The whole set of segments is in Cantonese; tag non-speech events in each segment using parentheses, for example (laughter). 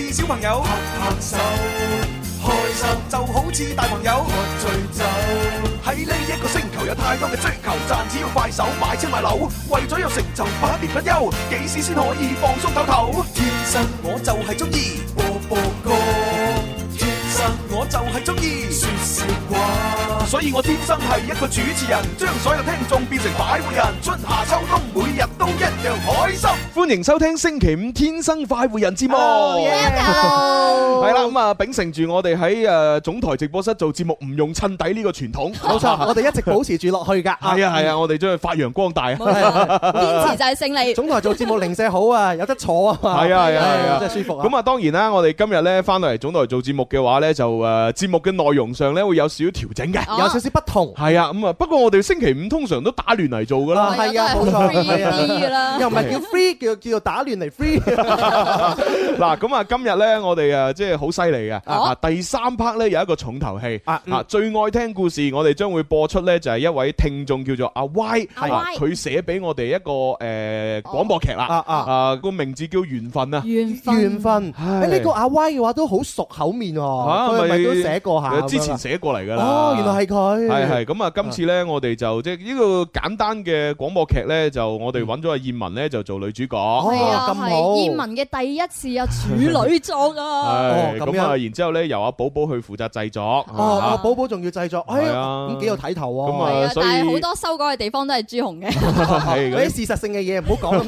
似小朋友拍拍手開心，就好似大朋友喝醉酒。喺呢一個星球有太多嘅追求，賺錢要快手買車買樓，為咗有成就百年不休，幾時先可以放鬆唞唞？天生我就係中意播播歌。我就係中意說說話，所以我天生係一個主持人，將所有聽眾變成快活人。春夏秋冬，每日都一樣開心。歡迎收聽星期五天生快活人節目。係啦、yeah, (laughs) 咁啊，秉承住我哋喺誒總台直播室做節目唔用襯底呢個傳統，冇錯，我哋一直保持住落去噶。係啊係啊，我哋將佢發揚光大。堅 (laughs) 持就係勝利。 (laughs) 總台做節目零舍好啊，有得坐啊。係啊係啊，真係舒服啊。咁啊，當然啦，我哋今日咧翻到嚟總台做節目嘅話咧就誒節、啊、目嘅內容上咧會有少少調整嘅，有少少不同係啊咁啊、嗯。不過我哋星期五通常都打亂嚟做噶啦，係啊，冇錯啦，又唔係叫 free， (laughs) 叫叫做打亂嚟 free。嗱 (laughs) 咁 (laughs) 啊，今日咧我哋啊，即係好犀利嘅啊，第三 part 咧有一個重頭戲啊，、嗯、啊，最愛聽故事，我哋將會播出咧就係、是、一位聽眾叫做阿 Y，佢寫俾我哋一個誒廣、呃、播劇啦啊啊，個、啊啊、名字叫緣分啊，緣分，誒呢、這個阿 Y 嘅話都好熟口面。係咪都寫過下，之前寫過嚟㗎啦。哦，原來係佢。係係咁啊！今次咧，我哋就即係呢個簡單嘅廣播劇咧，就我哋揾咗阿燕文咧，就做女主角。係啊，咁好。燕文嘅第一次啊，處女作啊。係咁啊！然之後咧，由阿寶寶去負責製作。哦，寶寶仲要製作，哎呀，咁幾有睇頭喎。咁啊，所以但係好多修改嘅地方都係朱紅嘅。係。嗰啲事實性嘅嘢唔好講。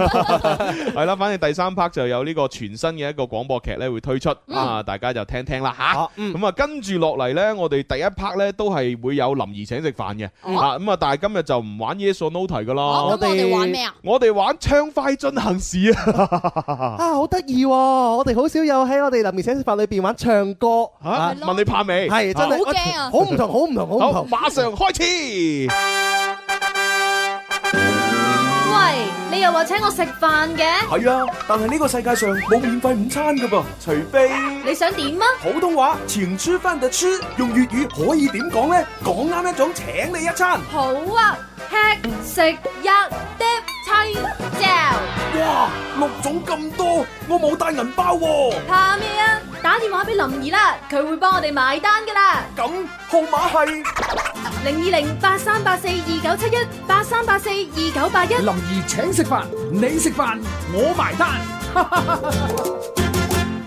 係啦，反正第三 part 就有呢個全新嘅一個廣播劇咧，會推出啊！大家就聽聽啦嚇。咁啊，嗯、跟住落嚟咧，我哋第一 part 咧都係會有林兒請食飯嘅，啊咁啊，但係今日就唔玩 Yes or No 題噶啦，我哋玩咩啊？我哋玩唱快進行時啊！ (laughs) 啊，好得意喎！我哋好少有喺我哋林兒請食飯裏邊玩唱歌，啊啊、問你怕未？係、啊、真係好驚啊，啊！好唔同，好唔同，好唔同，好唔同，好，馬上開始。 (laughs) 喂，你又話請我食飯嘅？係啊，但係呢個世界上冇免費午餐噶噃，除非你想點啊？普通話錢出翻就出，用粵語可以點講咧？講啱一種，請你一餐。好啊，吃食一碟青椒。哇，六種咁多，我冇帶銀包喎、啊。怕咩啊？打電話俾林兒啦，佢會幫我哋買單噶啦。咁號碼係？零二零八三八四二九七一八三八四二九八一林怡，請食飯，你食飯，我埋單。 (laughs)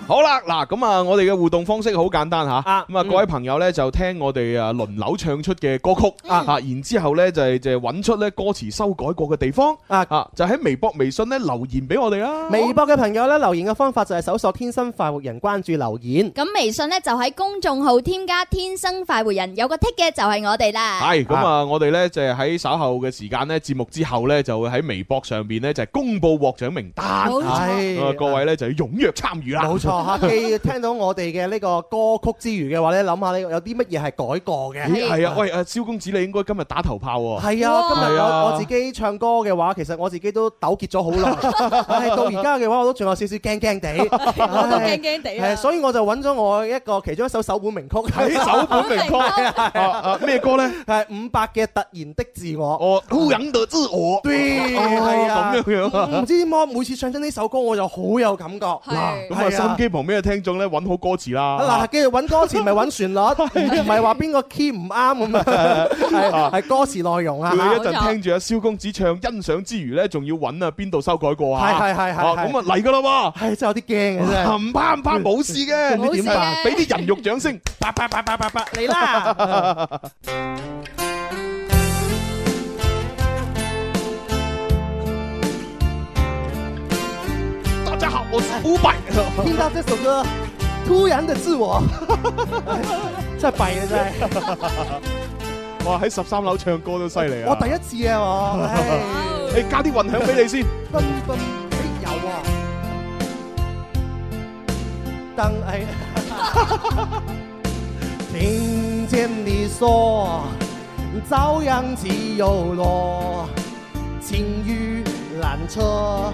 好啦，嗱咁啊，我哋嘅互動方式好簡單吓，咁啊各位朋友咧就聽我哋啊輪流唱出嘅歌曲啊，然之後咧就係就係揾出咧歌詞修改過嘅地方啊，就喺微博、微信咧留言俾我哋啦。微博嘅朋友咧留言嘅方法就係搜索天生快活人，關注留言。咁微信咧就喺公眾號添加天生快活人，有個剔嘅就係我哋啦。係，咁啊我哋咧就係喺稍後嘅時間咧節目之後咧就會喺微博上邊咧就係公布獲獎名單，啊各位咧就要踴躍參與啦。冇錯。下期聽到我哋嘅呢個歌曲之餘嘅話咧，諗下咧有啲乜嘢係改過嘅？係啊，喂，阿蕭公子，你應該今日打頭炮喎。係啊，今日我我自己唱歌嘅話，其實我自己都糾結咗好耐。係到而家嘅話，我都仲有少少驚驚地，我都驚驚地。係，所以我就揾咗我一個其中一首首本名曲。首本名曲啊啊！咩歌咧？係伍佰嘅《突然的自我》。我孤影獨自我。啲哦，咁樣樣。唔知點解每次唱親呢首歌，我就好有感覺。係啊。咁啊，心機。旁邊嘅聽眾咧，揾好歌詞啦。嗱，跟住揾歌詞，唔係揾旋律，唔係話邊個 key 唔啱咁啊？係係歌詞內容啊。你一陣聽住阿蕭公子唱，欣賞之餘咧，仲要揾啊邊度修改過啊？係係係係。咁啊嚟噶啦喎！係真係有啲驚嘅啫。唔怕唔怕，冇事嘅。你點辦？俾啲人肉掌聲！啪啪啪啪啪啪！嚟啦！五百，聽到這首歌， (laughs) 突然的自我， (laughs) 真是白的真的 (laughs) 在擺嘞，哇！喺十三樓唱歌都犀利啊！我第一次啊，我、哎，你、 (laughs) 哎、加啲混響俾你先，燈、 (laughs) 啊、哎，哈哈 (laughs) 聽見你說朝陽起又落，晴雨難測。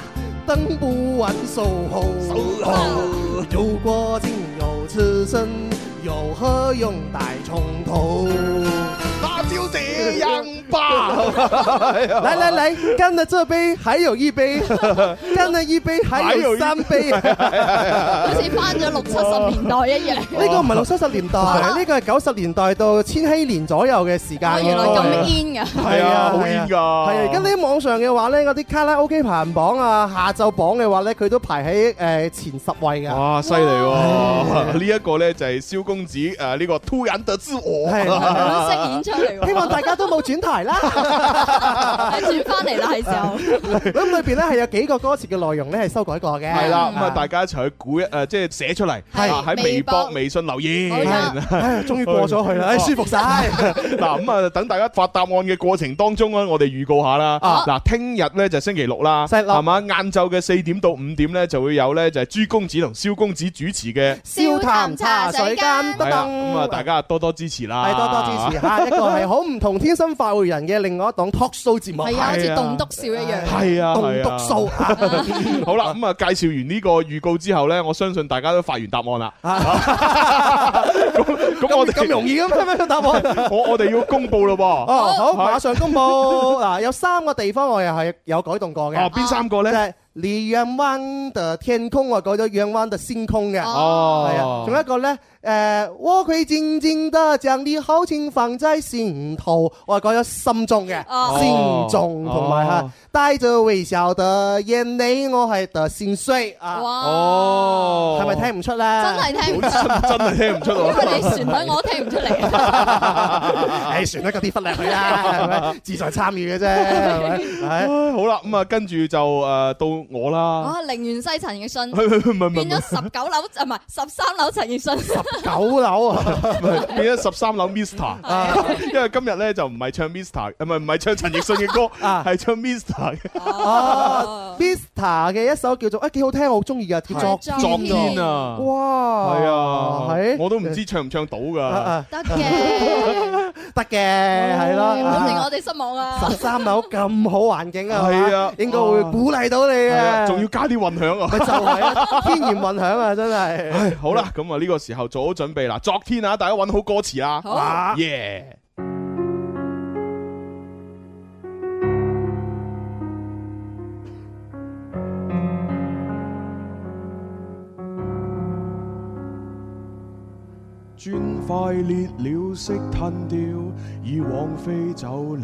等不完守候，如果僅有此生，又何用待從頭？辣椒這樣吧，嚟嚟嚟，乾日、 (laughs) (laughs) 哎、這杯，還有一杯，乾 (laughs) 日一杯， (laughs) 還有三一杯，好似翻咗六七十年代一樣。呢、 (laughs) 這個唔係六七十年代，呢個係九十年代到千禧年左右嘅時間。原來咁 in 嘅，係啊，好 in 噶係而家啲網上嘅話咧，嗰啲卡拉 OK 排行榜啊，下晝榜嘅話咧，佢都排喺誒、呃、前十位噶哇，犀利！啊啊這個、呢一個咧就係、是、蕭公子誒、呢、啊這個突然的自我。 (laughs) (laughs) (laughs) 希望大家都冇轉台啦，轉翻嚟啦，係時候、 (laughs) 啊。咁裏邊咧係有幾個歌詞嘅內容咧係修改過嘅。係、嗯、啦，咁啊大家一齊去估誒，即係寫出嚟，喺微博、微信留言。哎，終於過咗去啦，舒服晒。嗱、啊，咁啊，啊，啊，啊，等大家發答案嘅過程當中咧，我哋預告一下啦。啊，嗱、啊，聽日咧就星期六啦，係嘛？晏晝嘅四點到五點咧就會有咧就係朱公子同蕭公子主持嘅。笑談茶水間，係咁啊大家多多支持啦，係多多支持。啊係好唔同天生快活人嘅另外一檔 talk show 節目，係啊，好似棟篤笑一樣。係啊，棟篤笑。好啦，咁啊，介紹完呢個預告之後咧，我相信大家都發完答案啦。咁咁我哋咁容易咁出咩答案？我我哋要公布咯噃。好，馬上公布。嗱，有三個地方我又係有改動過嘅。哦，邊三個咧？就係 Beyond 嘅天空我改咗 Beyond 嘅星空嘅。哦，係啊。仲有一個咧。誒、欸，我佢靜靜的將你好情放在心頭，我係講咗心中嘅，哦，心中同埋吓，咗、哦、係、哦、微笑的眼淚，我係得心碎啊！哦，係咪聽唔出啦？真係聽唔出，真係聽唔出。 (laughs) 因為你選台我都聽唔出嚟，誒、 (laughs) (laughs) 欸，選得嗰啲忽略佢啦，志在參與嘅啫。係 (laughs) 好啦，咁、嗯、啊，跟住就誒、呃、到我啦。啊、哦，寧願西陳奕迅， (laughs) 變咗十九樓，唔係十三樓陳奕迅。九樓啊，變咗十三樓 Mr. 因為今日咧就唔係唱 Mr. 唔係唔係唱陳奕迅嘅歌，係唱 Mr. 嘅 Mr. 嘅一首叫做啊幾好聽，我好中意噶，叫作《撞天》啊，哇，係啊，我都唔知唱唔唱到噶，得嘅。得嘅，係囉，唔令我哋失望啊！十三樓咁好環境啊，係啊，應該會鼓勵到你啊！仲要加啲混響啊，咪就係天然混響啊，真係。唉，好啦，咁啊呢個時候做好準備啦。昨天啊，大家揾好歌詞啦，啊，yeah。轉。快裂了，色褪掉，以往飛走了，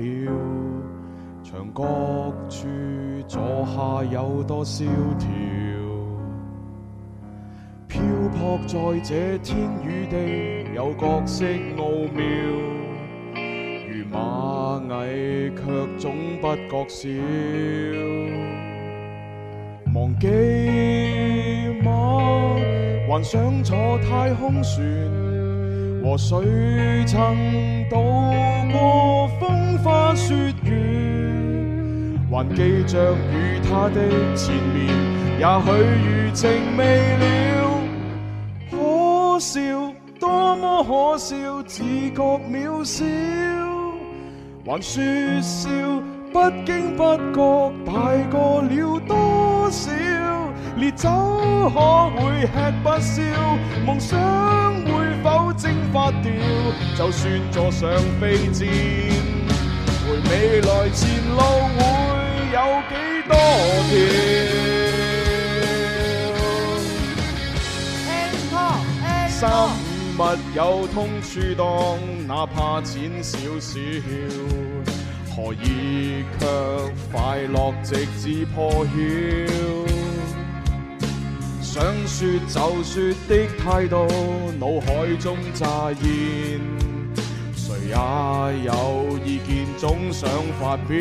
牆角處坐下有多蕭條？漂泊在這天與地，有角色奧妙，如螞蟻卻總不覺少。忘記嗎？還想坐太空船？和誰曾渡過風花雪月，還記着與他的纏綿。也許餘情未了，可笑，多麼可笑，只覺渺小。還說笑，不經不覺，大過了多少？烈酒可會吃不消，夢想。否蒸發掉？就算坐上飛箭，回未來前路會有幾多條？End call, End call. 心密有通處當，當哪怕淺小小，何以卻快樂直至破曉？想說就說的態度，腦海中乍現，誰也有意見總想發表。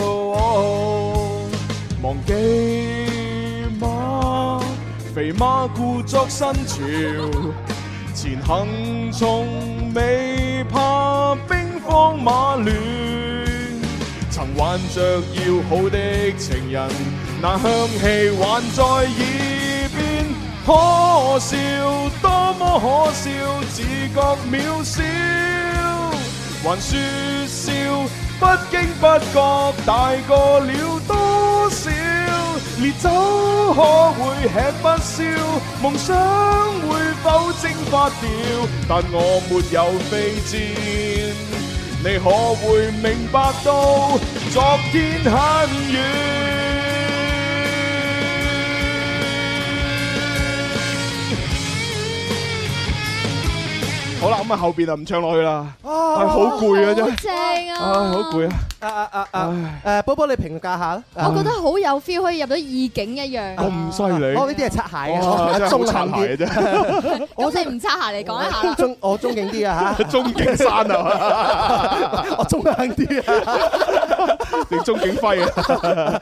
Oh-oh. 忘記嗎？肥媽故作新潮，前行從未怕兵荒馬亂。曾挽着要好的情人，那香氣還在演。可笑，多麼可笑，自覺渺小，還說笑，不經不覺，大過了多少？烈酒可會吃不消，夢想會否蒸發掉？但我沒有飛劍，你可會明白到，昨天很遠。好啦，咁啊後邊就唔唱落去啦。啊，好攰啊真係。正啊。啊，好攰啊。啊啊啊！誒，波波你評價下啦。我覺得好有 feel，可以入到意境一樣。咁犀利？我呢啲係擦鞋啊，中層啲。我哋唔擦鞋嚟講一下。中，我中景啲啊嚇。中景山啊嘛。我中間啲啊。你鍾景輝啊！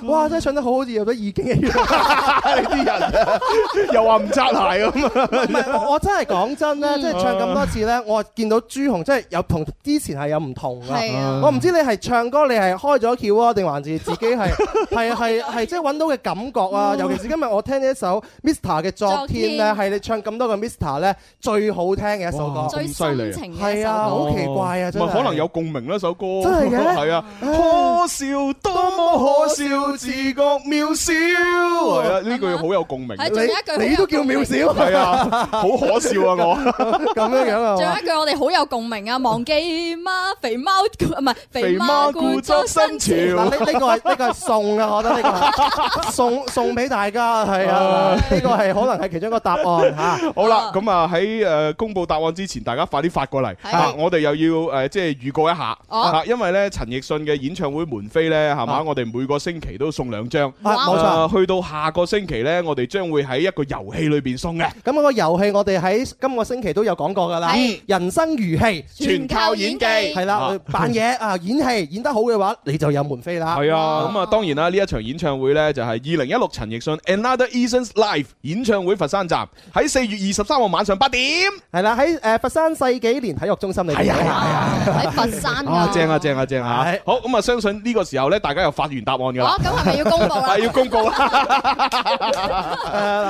(laughs) 哇，真係唱得好好似有咗意境嘅樣。 (laughs) 你啲人又話唔扎鞋咁。唔係，我真係講真咧，即、嗯、係、就是、唱咁多次咧，啊、我見到朱紅真係有，有同之前係有唔同噶。啊。我唔知道你係唱歌，你係開咗竅啊，定還是自己係係係係即係揾到嘅感覺啊？嗯、尤其是今日我聽呢一首 Mr. 嘅昨天咧，係你唱咁多個 Mr. 咧最好聽嘅一首歌，最深情係、哦、啊，好奇怪啊，真係。可能有共鳴啦，首歌真係係 (laughs) 啊。可笑，多麼可笑，自覺渺小。係啊，呢句好有，有，有共鳴。你都叫渺小，係啊，好 (laughs) 可笑啊！我咁樣樣啊。仲有一句我哋好有共鳴啊！忘記嗎肥貓，唔係肥貓故作新潮！呢呢個係呢個係送，送，送啊！我覺得呢個送送俾大家係啊。呢個係可能係其中一個答案嚇、啊。好啦，咁啊喺誒公佈答案之前，大家快啲發過嚟嚇、啊啊，我哋又要誒即係預告一下嚇，因為咧陳奕迅。嘅演唱會門飛咧，係嘛？我哋每個星期都送兩張，冇錯。去到下個星期咧，我哋將會喺一個遊戲裏邊送嘅。咁嗰個遊戲，我哋喺今個星期都有講過㗎啦。人生如戲，全靠演技，係啦，扮嘢啊，演戲演得好嘅話，你就有門飛啦。係啊，咁啊，當然啦，呢一場演唱會咧，就係二零一六陳奕迅 Another Eason's Life 演唱會佛山站，喺四月二十三號晚上八點，係啦，喺誒佛山世紀蓮體育中心裏邊。係啊，喺佛山啊，正啊，正啊，正啊！咁啊，相信呢個時候咧，大家又發完答案噶啦。哦，咁係咪要公告啦？係要公告啊！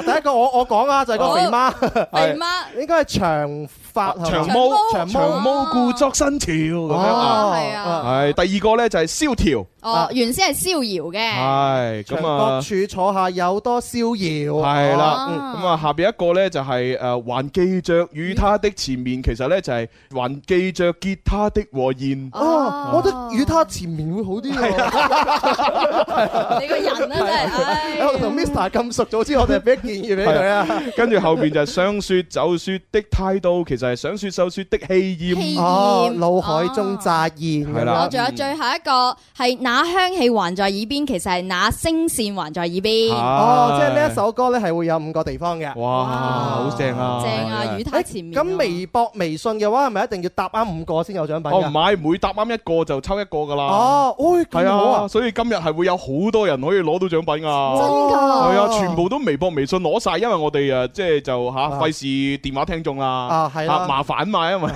誒，第一個我我講啊，就係個肥媽，肥媽 (laughs) 是應該係長。啊、長，毛長毛，長毛故作新潮咁樣啊！係、啊啊啊啊啊、第二個咧就係蕭條哦，原先係逍遙嘅，係啊，各處坐下有多逍遙，係啦、啊。咁啊，啊，啊，、嗯嗯嗯、啊下邊一個咧就係誒，還記着與他的纏綿。啊、其實咧就係還記着結他的和弦。哦、啊啊，我覺得與他纏綿會好啲。啊、 (laughs) (laughs) (laughs) 你個人啊，啊真係，同 Mr. 咁熟咗之後，我哋俾啲建議俾佢啊。跟住後邊就係想說就說的態度，其實。就係、是、想說就說的氣焰，腦、哦、海中雜念。係、啊、啦，仲、嗯、有最後一個係那香氣還在耳邊，其實係那聲線還在耳邊、啊啊啊。哦，即係呢一首歌咧，係會有五個地方嘅。哇、啊，好正啊！正啊！雨太前面咁，欸、微博、微信嘅話，係咪一定要答啱五個先有獎品？哦、啊，唔係，每答啱一個就抽一個噶啦。哦，喂，啊！哎、咁好啊！所以今日係會有好多人可以攞到獎品啊！啊真噶、啊？係啊，全部都微博、微信攞晒，因為我哋誒，即係就吓費事電話聽眾啦。啊，係麻煩嘛，因為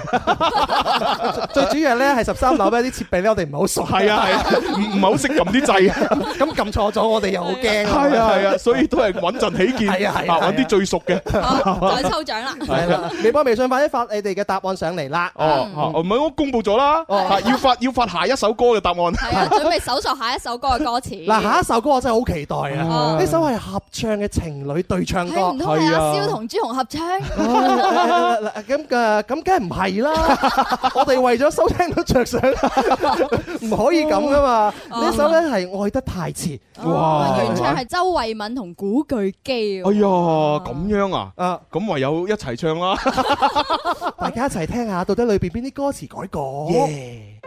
最主要咧係十三樓咧啲設備咧，我哋唔係好熟，係啊，係唔唔係好識撳啲掣，咁撳錯咗我哋又好驚。係啊係啊，所以都係穩陣起見，係啊係，揾啲最熟嘅。再抽獎啦，微博微信快啲發你哋嘅答案上嚟啦。哦哦，唔係我公布咗啦，哦，要發要發下一首歌嘅答案。係啊，準備搜索下一首歌嘅歌詞。嗱，下一首歌我真係好期待啊！呢首係合唱嘅情侶對唱歌，係啊，阿蕭同朱紅合唱。嗱咁。嘅咁梗係唔係啦！ (laughs) 我哋為咗收聽到着想，唔 (laughs) (laughs) 可以咁㗎嘛！呢、啊、首咧係愛得太遲，哇！原唱係周慧敏同古巨基哇哎呀呦，咁樣啊！啊，咁唯有一齊唱啦、啊！ (laughs) 大家一齊聽下，到底裏邊邊啲歌詞改過？Yeah.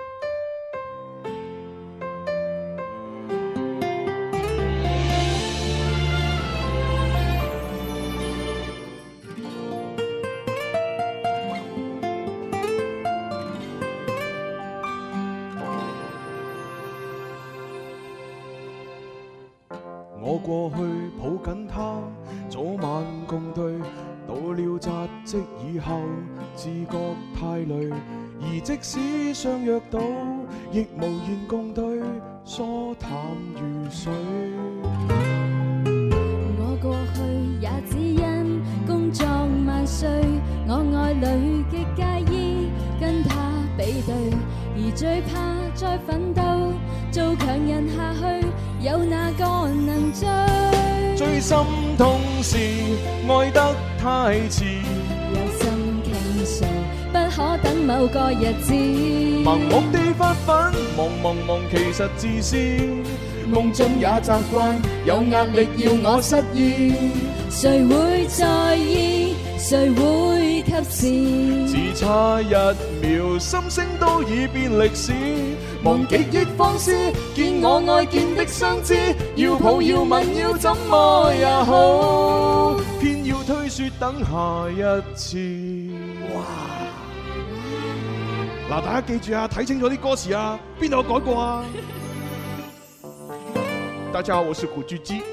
我過去抱緊他，早晚共對。到了扎職以後，自覺太累。而即使相約到，亦無言共對，疏淡如水。我過去也只因工作萬歲，我愛侶極介意跟他比對。而最怕再奮鬥，做強人下去，有那？最心痛是愛得太遲，有心傾訴，不可等某個日子。盲目地發奮，忙忙忙，其實自私。夢中也習慣，有壓力要我失意，誰會在意？誰會及時？只差一秒，心聲都已變歷史。忘極亦放肆，見我愛見的相知，要抱要吻要怎麼也好，偏要推說等下一次。哇！嗱、啊，大家記住啊，睇清楚啲歌詞啊，邊度有改過啊？ (laughs) 大家好，我是古巨基。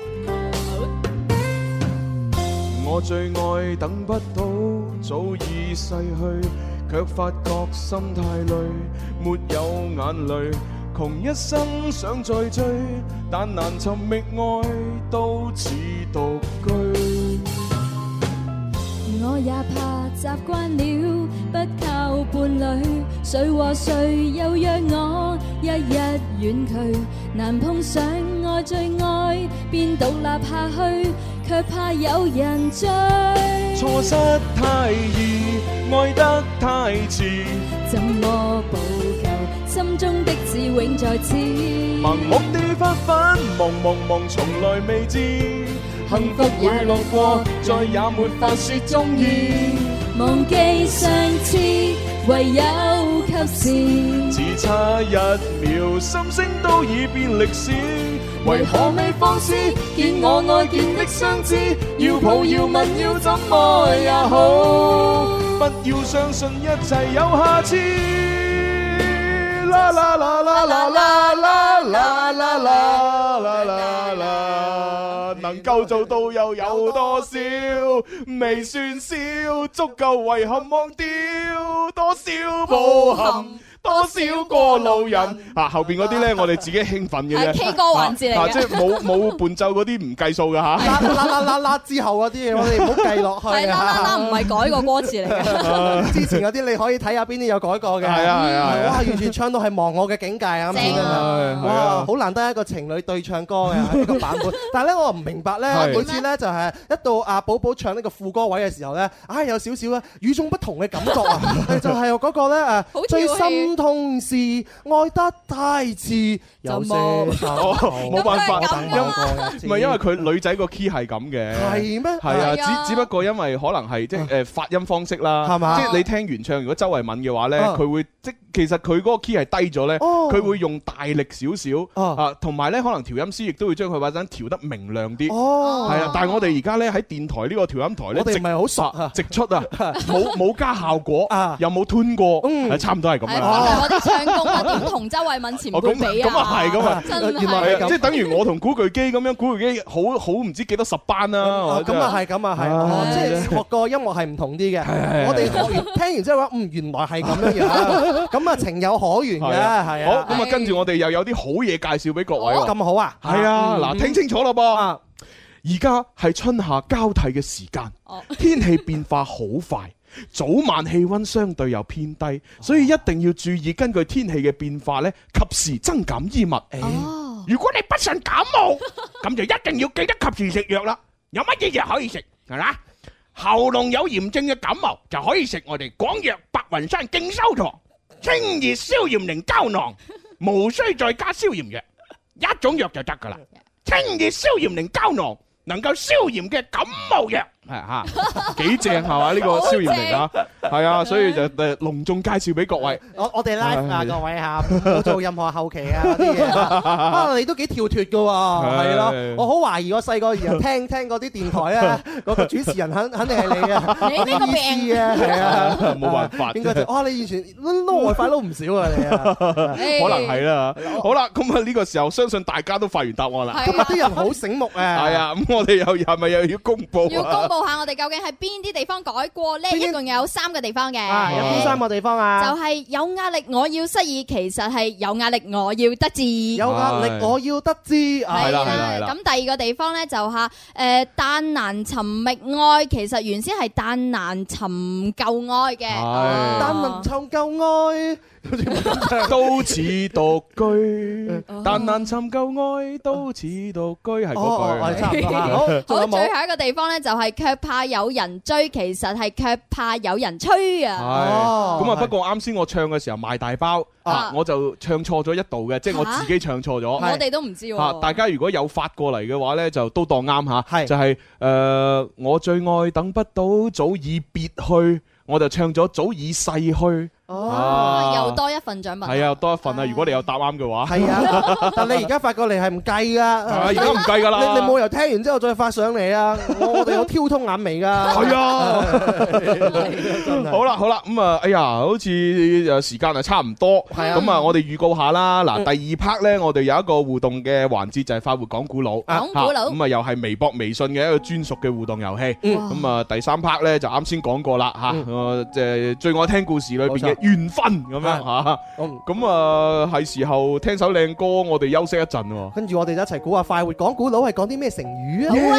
我最愛等不到，早已逝去。卻發覺心太累，沒有眼淚，窮一生想再追，但難尋覓愛，都似獨居。我也怕習慣了不靠伴侶，誰和誰又約我一日遠去？難碰上愛最愛，變獨立下去，卻怕有人追。錯失太易，愛得太遲，怎麼補救？心中的志，永在此，茫茫地發昏，忙忙忙，從來未知。幸福快樂過，再也沒法說中意。忘記上次，唯有及時。只差一秒，心聲都已變歷史。為何未放肆？見我愛見的相知，要抱要吻要怎麼也好。不要相信一切有下次。啦啦啦啦啦啦啦啦啦啦。能夠做到又有多少？未算少，足夠遺憾忘掉多少不幸？多少個路人啊？後邊嗰啲咧，我哋自己興奮嘅啫。K 歌環節嚟嘅，即係冇冇伴奏嗰啲唔計數嘅嚇。啦啦啦啦之後嗰啲我哋唔好計落去。係啦啦啦，唔係改個歌詞嚟嘅。之前嗰啲你可以睇下邊啲有改過嘅。係啊，哇！完全唱到係忘我嘅境界啊！正啊，好難得一個情侶對唱歌嘅呢個版本。但係咧，我唔明白咧，每次咧就係一到阿寶寶唱呢個副歌位嘅時候咧，唉，有少少咧，與眾不同嘅感覺啊！就係嗰個咧誒，最深。同時愛得太遲，有冇？冇、 (laughs) 哦、辦法，唔係、啊、因，因為佢女仔個 key 係咁嘅，係咩？係啊，啊，只只不過因為可能係即係誒發音方式啦，係嘛？即係你聽原唱，如果周慧敏嘅話咧，佢、啊、會即其實佢嗰個 key 係低咗咧，佢、啊、會用大力少少啊，同埋咧可能調音師亦都會將佢把聲調得明亮啲，係啊，啊。但係我哋而家咧喺電台呢、呢個調音台咧，我哋咪好實直出啊，冇 (laughs) 冇加效果，又、啊、冇吞過，嗯、差唔多係咁樣、啊。啊啊啊、我哋唱歌，點同周慧敏前輩比啊！咁啊係咁啊，原來係咁、啊，即、就、係、是、等於我同古巨基咁樣，古巨基好好唔知幾多十班啦、啊！咁啊係咁啊係，即、啊、係、啊就是、學過音樂係唔同啲嘅、啊。我哋學完聽完之後話、啊嗯啊，嗯，原來係咁樣樣，咁啊，啊情有可原嘅。係啊，啊，啊，好咁啊，跟住我哋又有啲好嘢介紹俾各位。咁、啊、好啊，係啊，嗱、嗯嗯，聽清楚咯噃，而家係春夏交替嘅時間、啊，天氣變化好快。啊啊早晚氣温相對又偏低，所以一定要注意根據天氣嘅變化咧，及時增減衣物、欸。如果你不慎感冒，咁 (laughs) 就一定要記得及時食藥啦。有乜嘢藥可以食係啦？喉嚨有炎症嘅感冒就可以食我哋廣藥白雲山敬修堂清熱消炎寧膠囊，無需再加消炎藥，一種藥就得㗎啦。 (laughs) 清熱消炎寧膠囊能夠消炎嘅感冒藥。係 (laughs) 吓、啊，幾正吓嘛？呢個消炎嚟噶，係啊，所以就誒隆重介紹俾各位。我我哋咧、like、啊，各位吓、啊，唔做任何後期啊啲嘢 (laughs) 啊，你都幾跳脫噶、啊，係咯。我好懷疑我細個時候聽 (laughs) 聽嗰啲電台啊，嗰、嗰個主持人肯肯定係你， (laughs) 你意思啊，啊，啊，啊。你呢個病啊，係啊，冇辦法。應該你以前撈外快撈唔少啊，你啊， (laughs) 可能係啦。好啦，咁啊呢個時候，相信大家都發完答案啦。啲人好醒目啊。係啊，咁 (laughs) 我哋又係咪又要公布，啊要公布下我哋究竟喺邊啲地方改過呢？一共有三個地方嘅。啊，有邊三個地方啊？就係有壓力，我要失意；其實係有壓力，我要得志。有壓力，我要得志。係啦，咁第二個地方呢就吓，誒，但難尋覓愛，其實原先係但難尋舊愛嘅。但難尋舊愛。 (laughs) 都似獨居，但難尋舊愛。都似獨居，係嗰句仲有冇？好，最後一個地方呢，就係卻怕有人追，其實係卻怕有人吹。啊！咁、哦、啊！不過啱先我唱嘅時候賣大包啊，我就唱錯咗一度嘅，即、就、係、是、我自己唱錯咗。我哋都唔知。吓，大家如果有發過嚟嘅話呢，就都當啱吓。係就係、是、誒、呃，我最愛等不到，早已別去，我就唱咗早已逝去。哦、啊，又多一份獎品。係啊，又多一份啊！如果你有答啱嘅話。係啊， (laughs) 但你而家發過嚟係唔計㗎，係咪、啊？而家唔計㗎啦。你冇由聽完之後再發上嚟啊！ (laughs) 我哋有挑通眼眉㗎。係啊。係啊 (laughs) 是啊 (laughs) 係啊係好啦好啦，咁、嗯、啊，哎呀，好似時間啊差唔多。咁啊，那我哋預告下啦。嗱、嗯，第二 part 咧，我哋有一個互動嘅環節，就係快活講古佬。講古佬。咁啊，啊啊啊嗯、又係微博微信嘅一個專屬嘅互動遊戲。咁啊，啊，啊，第三 part 咧就啱先講過啦嚇。我即係最愛聽故事裏邊嘅。緣分咁樣嚇，咁啊係時候聽首靚歌，我哋休息一陣喎。跟住我哋一齊估下快活，講古佬係講啲咩成語啊？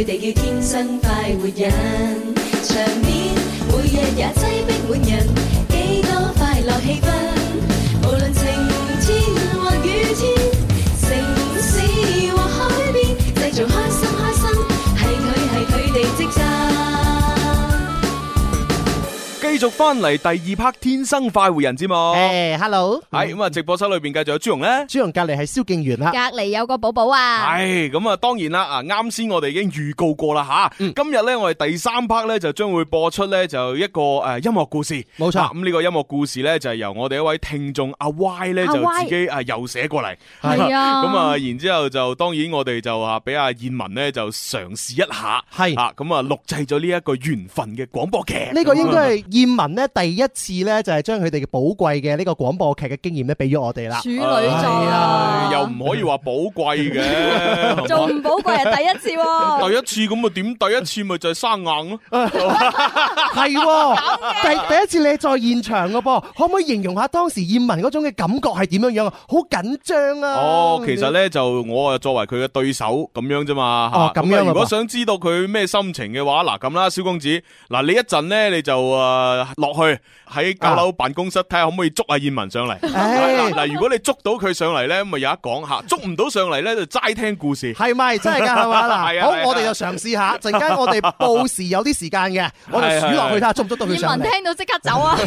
佢哋叫天生快活人。繼續翻嚟第二 part《天生快活人》節目。誒，Hello。係咁啊，直播室裏邊繼續有朱紅咧。朱紅隔籬係蕭敬元啦。隔籬有個寶寶啊。係咁啊，當然啦啊，啱先我哋已經預告過啦吓。今日咧，我哋第三 part 咧就將會播出咧就一個誒音樂故事，冇錯。咁呢個音樂故事咧就係由我哋一位聽眾阿 Y 咧就自己啊又寫過嚟。係啊。咁啊，然之後就當然我哋就話俾阿燕文咧就嘗試一下。係。啊咁啊錄製咗呢一個緣分嘅廣播劇。呢個應該係燕。燕文咧第一次咧就係將佢哋嘅寶貴嘅呢個廣播劇嘅經驗咧俾咗我哋啦，處女座啊，又唔可以話寶貴嘅，仲唔寶貴係第一次、哦 (laughs) 第一次，第一次咁，啊點第一次咪就係生硬咯，係、 (laughs) (laughs) 哦，第第一次你再現場噶噃，可唔可以形容下當時燕文嗰種嘅感覺係點樣樣啊？好緊張啊！哦，其實咧就我啊作為佢嘅對手咁樣啫嘛，咁、哦、樣，如果想知道佢咩心情嘅話，嗱咁啦，蕭公子，嗱你一陣咧你就啊。落去喺九樓辦公室睇下、啊、可唔可以捉阿燕文上嚟。嗱、哎、嗱、啊，如果你捉到佢上嚟咧，咪有得講吓； (laughs) 捉唔到上嚟咧，就齋聽故事。係咪真係噶係嘛嗱？ (laughs) 好，我哋就嘗試下。陣間我哋報時有啲時間嘅，我哋數落去睇下捉唔捉到佢上嚟。燕文聽到即刻走啊！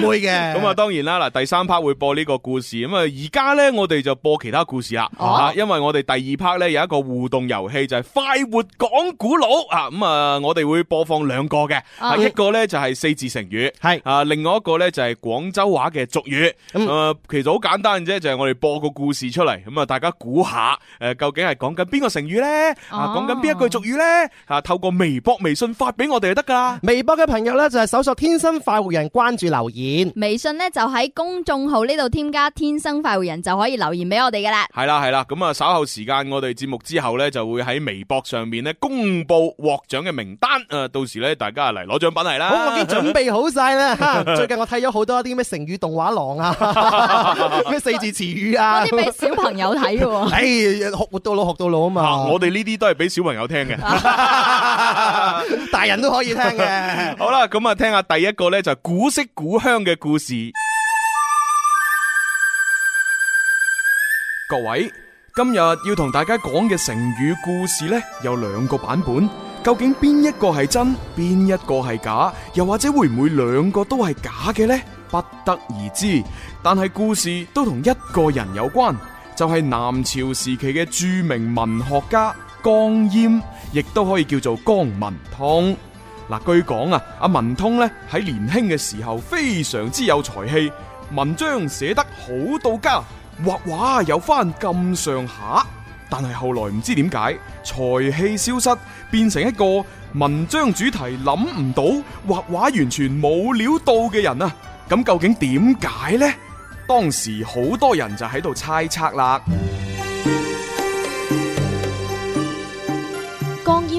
唔 (laughs) 會嘅。咁啊，當然啦。嗱，第三 part 會播呢個故事。咁啊，而家咧我哋就播其他故事啊。啊，因為我哋第二 part 咧有一個互動遊戲，就係、是、快活講古佬啊。咁、嗯、啊，我哋會播放兩個嘅、啊，一個咧就係四字。成語係啊，另外一個呢就係廣州話嘅俗語咁、嗯啊、其實好簡單啫，就係、是、我哋播個故事出嚟，咁啊，大家估下誒、啊、究竟係講緊邊個成語呢？哦、啊，講緊邊一句俗語呢、啊？透過微博、微信發俾我哋就得噶啦。微博嘅朋友呢，就係搜索“天生快活人”，關注留言。微信呢，就喺公眾號呢度添加“天生快活人”，就可以留言俾我哋噶啦。係啦係啦，咁、嗯、啊，稍後時間我哋節目之後呢，就會喺微博上面呢公布獲獎嘅名單、啊、到時呢，大家嚟攞獎品嚟啦。 (laughs) 備好晒啦！最近我睇咗好多一啲咩成語動畫廊啊，咩四字詞語啊，啲俾小朋友睇嘅喎。哎，學活到老，學到老啊嘛！我哋呢啲都係俾小朋友聽嘅，大人都可以聽嘅。好啦，咁啊，聽下第一個咧就係古色古香嘅故事。各位，今日要同大家講嘅成語故事咧有兩個版本。究竟邊一個係真，邊一個係假，又或者會唔會兩個都係假嘅呢？不得而知。但係故事都同一個人有關，就係南朝時期嘅著名文學家江淹，亦都可以叫做江文通。嗱，據講啊，阿文通咧喺年輕嘅時候非常之有才氣，文章寫得好到家，畫畫有翻咁上下。但係後來唔知點解才氣消失，變成一個文章主題諗唔到、畫畫完全冇料到嘅人啊！咁究竟點解呢？當時好多人就喺度猜測啦。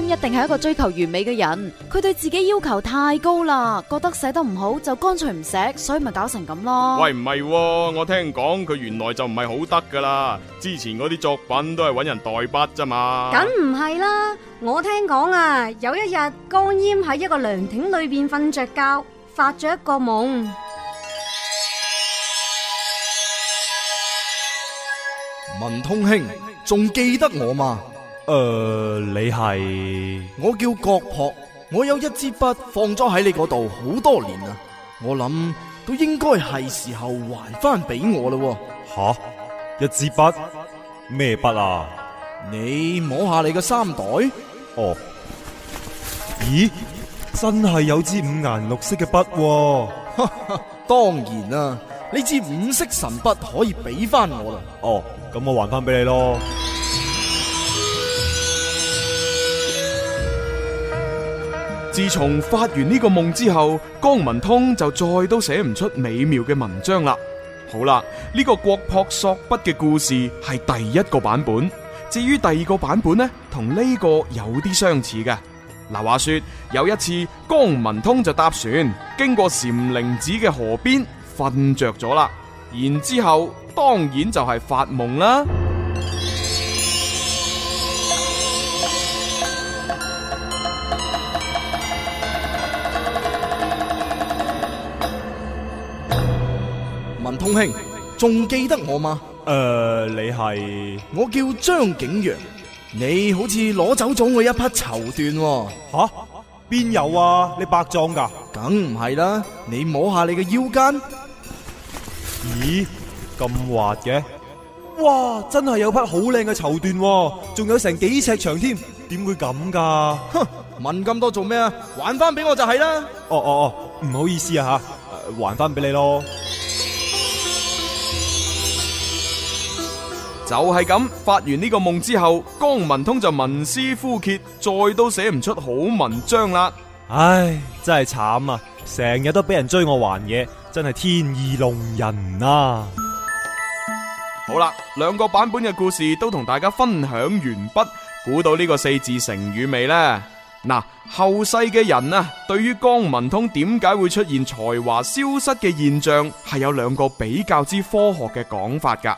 一定係一個追求完美嘅人，佢對自己要求太高啦，覺得寫得唔好就乾脆唔寫，所以咪搞成咁咯。喂，唔係，我聽講佢原來就唔係好得噶啦，之前嗰啲作品都係搵人代筆咋嘛。梗唔係啦，我聽講啊，有一日江淹喺一個涼亭裏邊瞓着覺，發咗一個夢。文通兄仲記得我嗎？誒、呃，你係，我叫郭博，我有一支筆放咗喺你嗰度好多年啦，我諗都應該係時候還翻俾我啦。吓，一支筆咩筆啊？你摸下你個衫袋。哦，咦，真係有支五顏六色嘅筆，哦。 (laughs) 當然啦，啊，呢支五色神筆可以俾翻我啦。哦，咁我還翻俾你咯。自從發完呢個夢之後，江文通就再都寫唔出美妙嘅文章啦。好啦，呢個郭璞索筆嘅故事係第一個版本。至於第二個版本呢，同呢個有啲相似嘅。嗱，話說有一次，江文通就搭船經過禪靈寺嘅河邊，瞓着咗啦。然之後當然就係發夢啦。兄，仲記得我嗎？誒、呃，你係我叫張景陽，你好似攞走咗我一匹綢緞喎。吓、啊？邊有啊？你白撞噶？梗唔係啦，你摸下你嘅腰間。咦？咁滑嘅？哇！真係有匹好靚嘅綢緞，仲有成幾尺長添。點會咁噶、啊？哼！問咁多做咩啊？還翻俾我就係啦。哦哦哦，唔好意思啊吓，還翻俾你咯。就係咁，發完呢個夢之後，江文通就文思枯竭，再都寫唔出好文章啦。唉，真係慘啊！成日都俾人追我還嘢，真係天意弄人啊！好啦，兩個版本嘅故事都同大家分享完畢，估到呢個四字成語未呢？嗱，後世嘅人啊，對於江文通點解會出現才華消失嘅現象，係有兩個比較之科學嘅講法噶。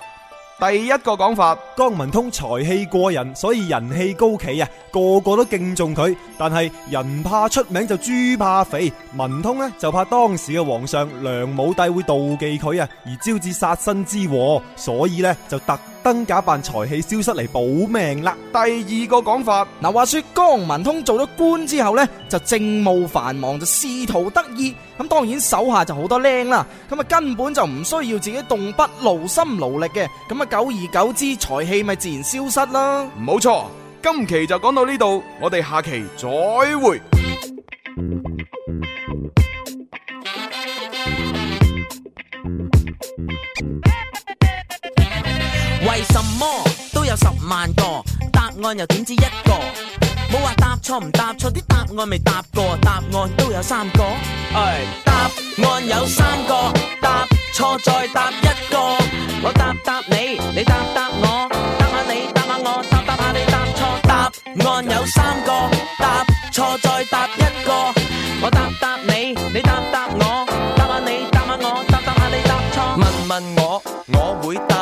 第一個講法，江文通才氣過人，所以人氣高企啊，個個都敬重佢。但係人怕出名就豬怕肥，文通呢，就怕當時嘅皇上梁武帝會妒忌佢啊，而招致殺身之禍。所以呢，就特登假扮才氣消失嚟保命啦。第二個講法，嗱話說江文通做咗官之後呢，就政務繁忙，就仕途得意，咁當然手下就好多僆啦。咁啊根本就唔需要自己動筆勞心勞力嘅，咁啊。久而久之，財氣咪自然消失啦。冇錯，今期就講到呢度，我哋下期再會。為什麼都有十萬個答案，又點知一個？冇話答錯唔答錯，啲答案未答過，答案都有三個。答案有三個，答錯再答一個。我答答你，你答答我，答下、啊、你答下、啊、我，答答下、啊、你答錯。答案有三個，答錯再答一個。我答答你，你答答我，答下、啊、你答下、啊、我，答答下、啊、你答錯。問問我，我會答。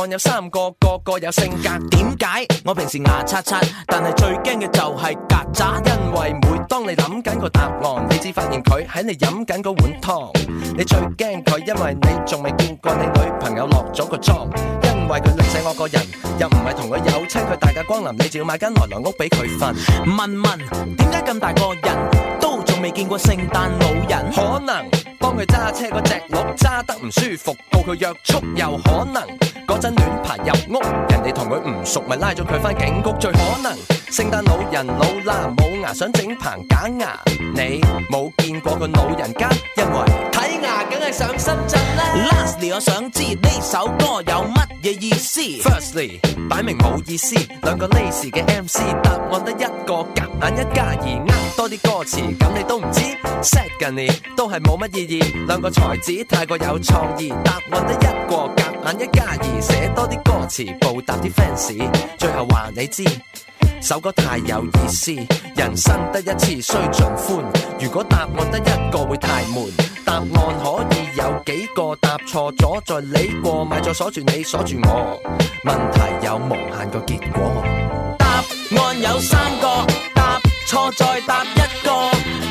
案有三個，個個有性格。點解我平時牙刷刷，但係最驚嘅就係曱甴，因為每當你諗緊個答案，你只發現佢喺你飲緊個碗湯，你最驚佢，因為你仲未見過你女朋友落咗個妝，因為佢女死我個人，又唔係同佢有親，佢大駕光臨，你就要買一間外來屋俾佢瞓。問問點解咁大個人都？未見過聖誕老人，可能幫佢揸車嗰隻鹿揸得唔舒服，告佢約束又可能嗰陣亂爬入屋，人哋同佢唔熟咪拉咗佢返警局，最可能聖誕老人老啦，冇牙想整棚假牙，你冇見過個老人家，因為睇牙梗係上深圳啦。Lastly，我想知呢首歌有乜嘢意思？Firstly，擺明冇意思，兩個 lacy 嘅 MC，答案得一個夾硬一加二，呃多啲歌詞，咁你都。你都唔知 set 近年都係冇乜意義，兩個才子太過有創意，答案得一個夾硬一加二，寫多啲歌詞報答啲 fans，最後話你知，首歌太有意思，人生得一次需盡歡，如果答案得一個會太悶，答案可以有幾個答錯咗再理過，咪再鎖住你鎖住我，問題有無限個結果，答案有三個，答錯再答。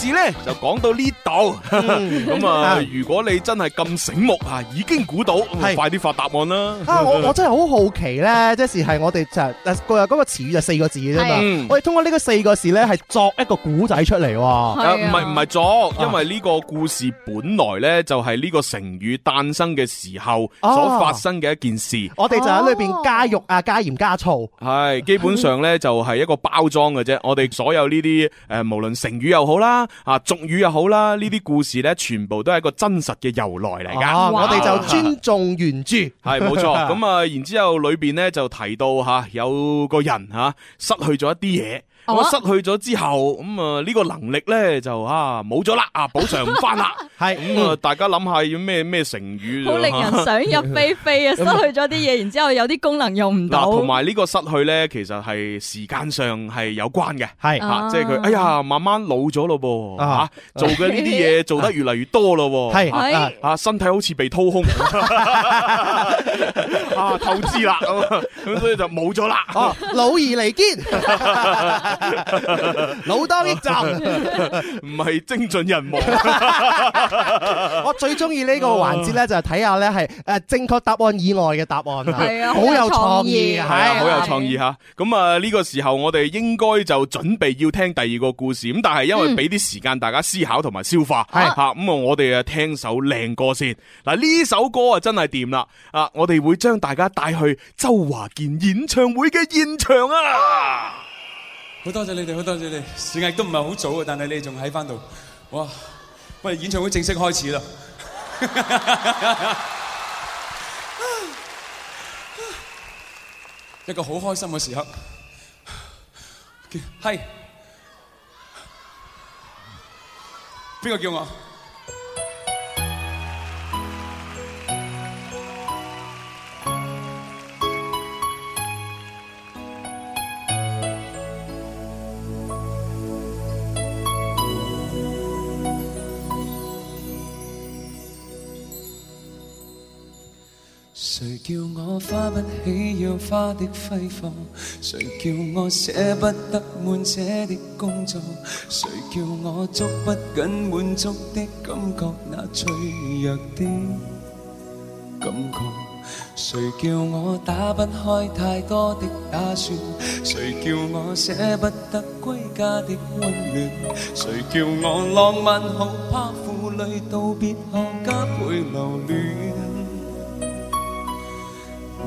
字咧，就講到呢度，咁、嗯、啊， (laughs) 如果你真係咁醒目啊，已經估到，嗯、快啲發答案啦！啊，我我真係好好奇咧，即時係我哋就誒嗰個詞語就四個字啫嘛、嗯，我哋通過呢個四個字咧係作一個古仔出嚟，唔係唔係作，因為呢個故事本來咧就係呢個成語誕生嘅時候所發生嘅一件事，啊、我哋就喺裏邊加肉啊、加鹽、加醋，係基本上咧就係一個包裝嘅啫，我哋所有呢啲誒，無論成語又好啦。啊，俗語又好啦，呢啲故事呢，全部都係一個真實嘅由來嚟噶、啊嗯啊。我哋就尊重原著 (laughs) 係冇錯。咁啊，然之後裏邊呢就提到吓、啊，有個人吓、啊、失去咗一啲嘢。我失去咗之後，咁、嗯、啊呢、呢個能力咧就啊冇咗啦，啊補償唔翻啦。係咁、 (laughs) 嗯、啊，大家諗下要咩咩成語。好令人想入非非啊！ (laughs) 失去咗啲嘢，然之後有啲功能用唔到。同埋呢個失去咧，其實係時間上係有關嘅。係吓、啊啊，即係佢哎呀，慢慢老咗咯噃吓，做嘅呢啲嘢做得越嚟越多咯。係 (laughs) 啊，啊，身體好似被掏空， (laughs) 啊透支啦咁，咁 (laughs) 所以就冇咗啦。老而離堅。 (laughs) (laughs) 老當益壯，唔係精準人物。 (laughs) (laughs) 我最中意呢個環節呢就係睇下呢係誒正確答案以外嘅答案， (laughs) 係啊，好有創意，係啊，好有創意吓。咁啊呢、啊、個時候，我哋應該就準備要聽第二個故事。咁但係因為俾啲時間大家思考同埋消化，係吓咁啊，我哋啊聽首靚歌先。嗱呢首歌啊真係掂啦啊！我哋會將大家帶去周華健演唱會嘅現場啊！好多謝你哋，好多謝你。時間都唔係好早啊，但係你仲喺翻度，哇！我哋演唱會正式開始啦！ (laughs) (laughs) 一個好開心嘅時刻，係邊個叫我？誰叫我花不起要花的揮霍？誰叫我捨不得滿瀉的工作？誰叫我捉不緊滿足的感覺那脆弱的感覺？誰叫我打不開太多的打算？誰叫我捨不得歸家的溫暖？誰叫我浪漫好怕負累，道別後加倍留戀。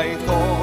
太多。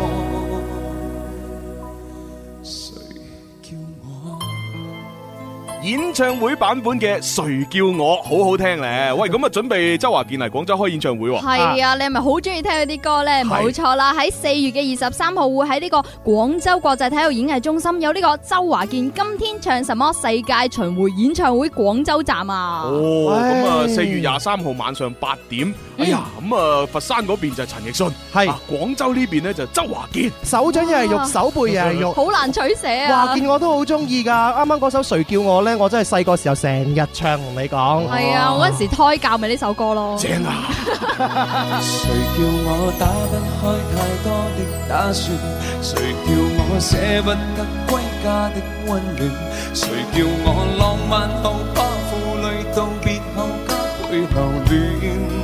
演唱會版本嘅《誰叫我》好好聽咧，喂，咁啊準備周華健嚟廣州開演唱會喎。係啊，啊，你係咪好中意聽佢啲歌咧？冇錯啦，喺四月嘅二十三號會喺呢個廣州國際體育演藝中心有呢個周華健今天唱什麼世界巡迴演唱會廣州站啊。哦，咁啊四月廿三號晚上八點，哎呀，咁、嗯、啊佛山嗰邊就陳奕迅，係廣、啊、州呢邊呢就周華健，手掌又係肉，手背又係肉，好難取捨啊。華健我都好中意噶，啱啱嗰首《誰叫我》咧。我真係細個時候成日唱講，同你講。係啊，我、哦、嗰時胎教咪呢首歌咯。正啊！誰 (laughs) 叫我打不開太多的打算？誰叫我捨不得歸家的溫暖？誰叫我浪漫到怕負累道別後加倍留戀？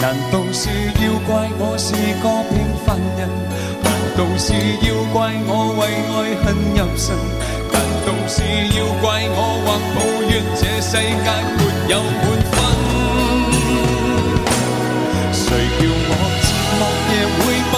難道是要怪我是個平凡人？難道是要怪我為愛恨入神？總是要怪我或，或抱怨這世界沒有滿分。誰叫我寂寞夜會？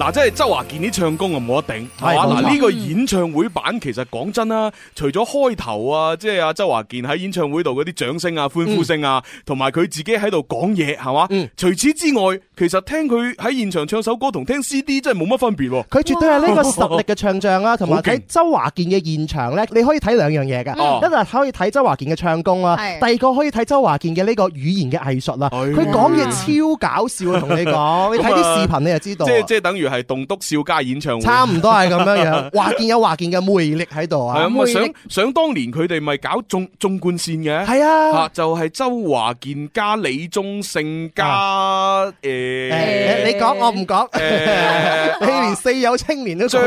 嗱、啊，即係周華健啲唱功、嗯、啊，冇得頂，係啊！嗱，呢個演唱會版其實講真啦、啊，除咗開頭啊，即係阿周華健喺演唱會度嗰啲掌聲啊、歡呼聲啊，同埋佢自己喺度講嘢係嘛？除此之外，其實聽佢喺現場唱首歌同聽 CD 真係冇乜分別、啊，喎。佢絕對係呢個實力嘅唱將啦、啊，同埋睇周華健嘅現場咧，你可以睇兩樣嘢㗎、啊。一係可以睇周華健嘅唱功啊，第二個可以睇周華健嘅呢個語言嘅藝術啦。佢講嘢超搞笑同 (laughs) 你講，你睇啲視頻你就知道。啊、即即係等於。係棟篤笑家演唱會，差唔多係咁樣樣。華 (laughs) 健有華健嘅魅力喺度啊！係啊，想想當年佢哋咪搞縱縱貫線嘅，係啊，吓、啊、就係、是、周華健加李宗盛加誒、啊欸欸，你講我唔講，欸欸欸、你連四有青年都張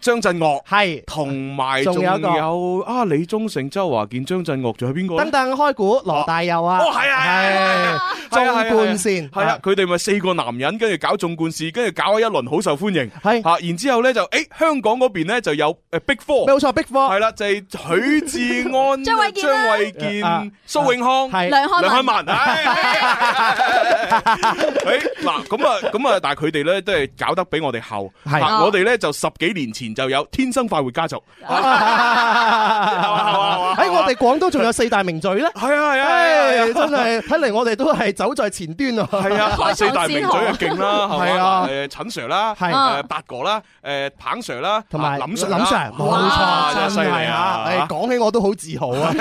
張震岳係，同埋仲有有啊李宗盛、周華健、張震岳，仲有邊個？等等開估羅大佑啊，啊！哦，係啊，係縱貫線係啊，佢哋咪四個男人，跟住搞縱貫線，跟住搞咗一輪好。受歡迎係吓，然之後咧就誒，香港嗰邊咧就有誒，Big Four，冇錯，Big Four 係啦，就係許志安、張衛健、張衛健、蘇永康、梁漢文。誒，嗱咁啊，咁啊，但係佢哋咧都係搞得比我哋後，係我哋咧就十幾年前就有《天生快活家族》。喺我哋廣東仲有四大名嘴咧，係啊係啊，真係睇嚟我哋都係走在前端啊！係啊，四大名嘴啊，勁啦，係啊，陳 Sir 啦。.係、啊，八哥啦，誒、呃，彭 Sir 啦，同埋林 Sir，林 Sir，冇錯，真係犀利吓。講起我都好自豪啊，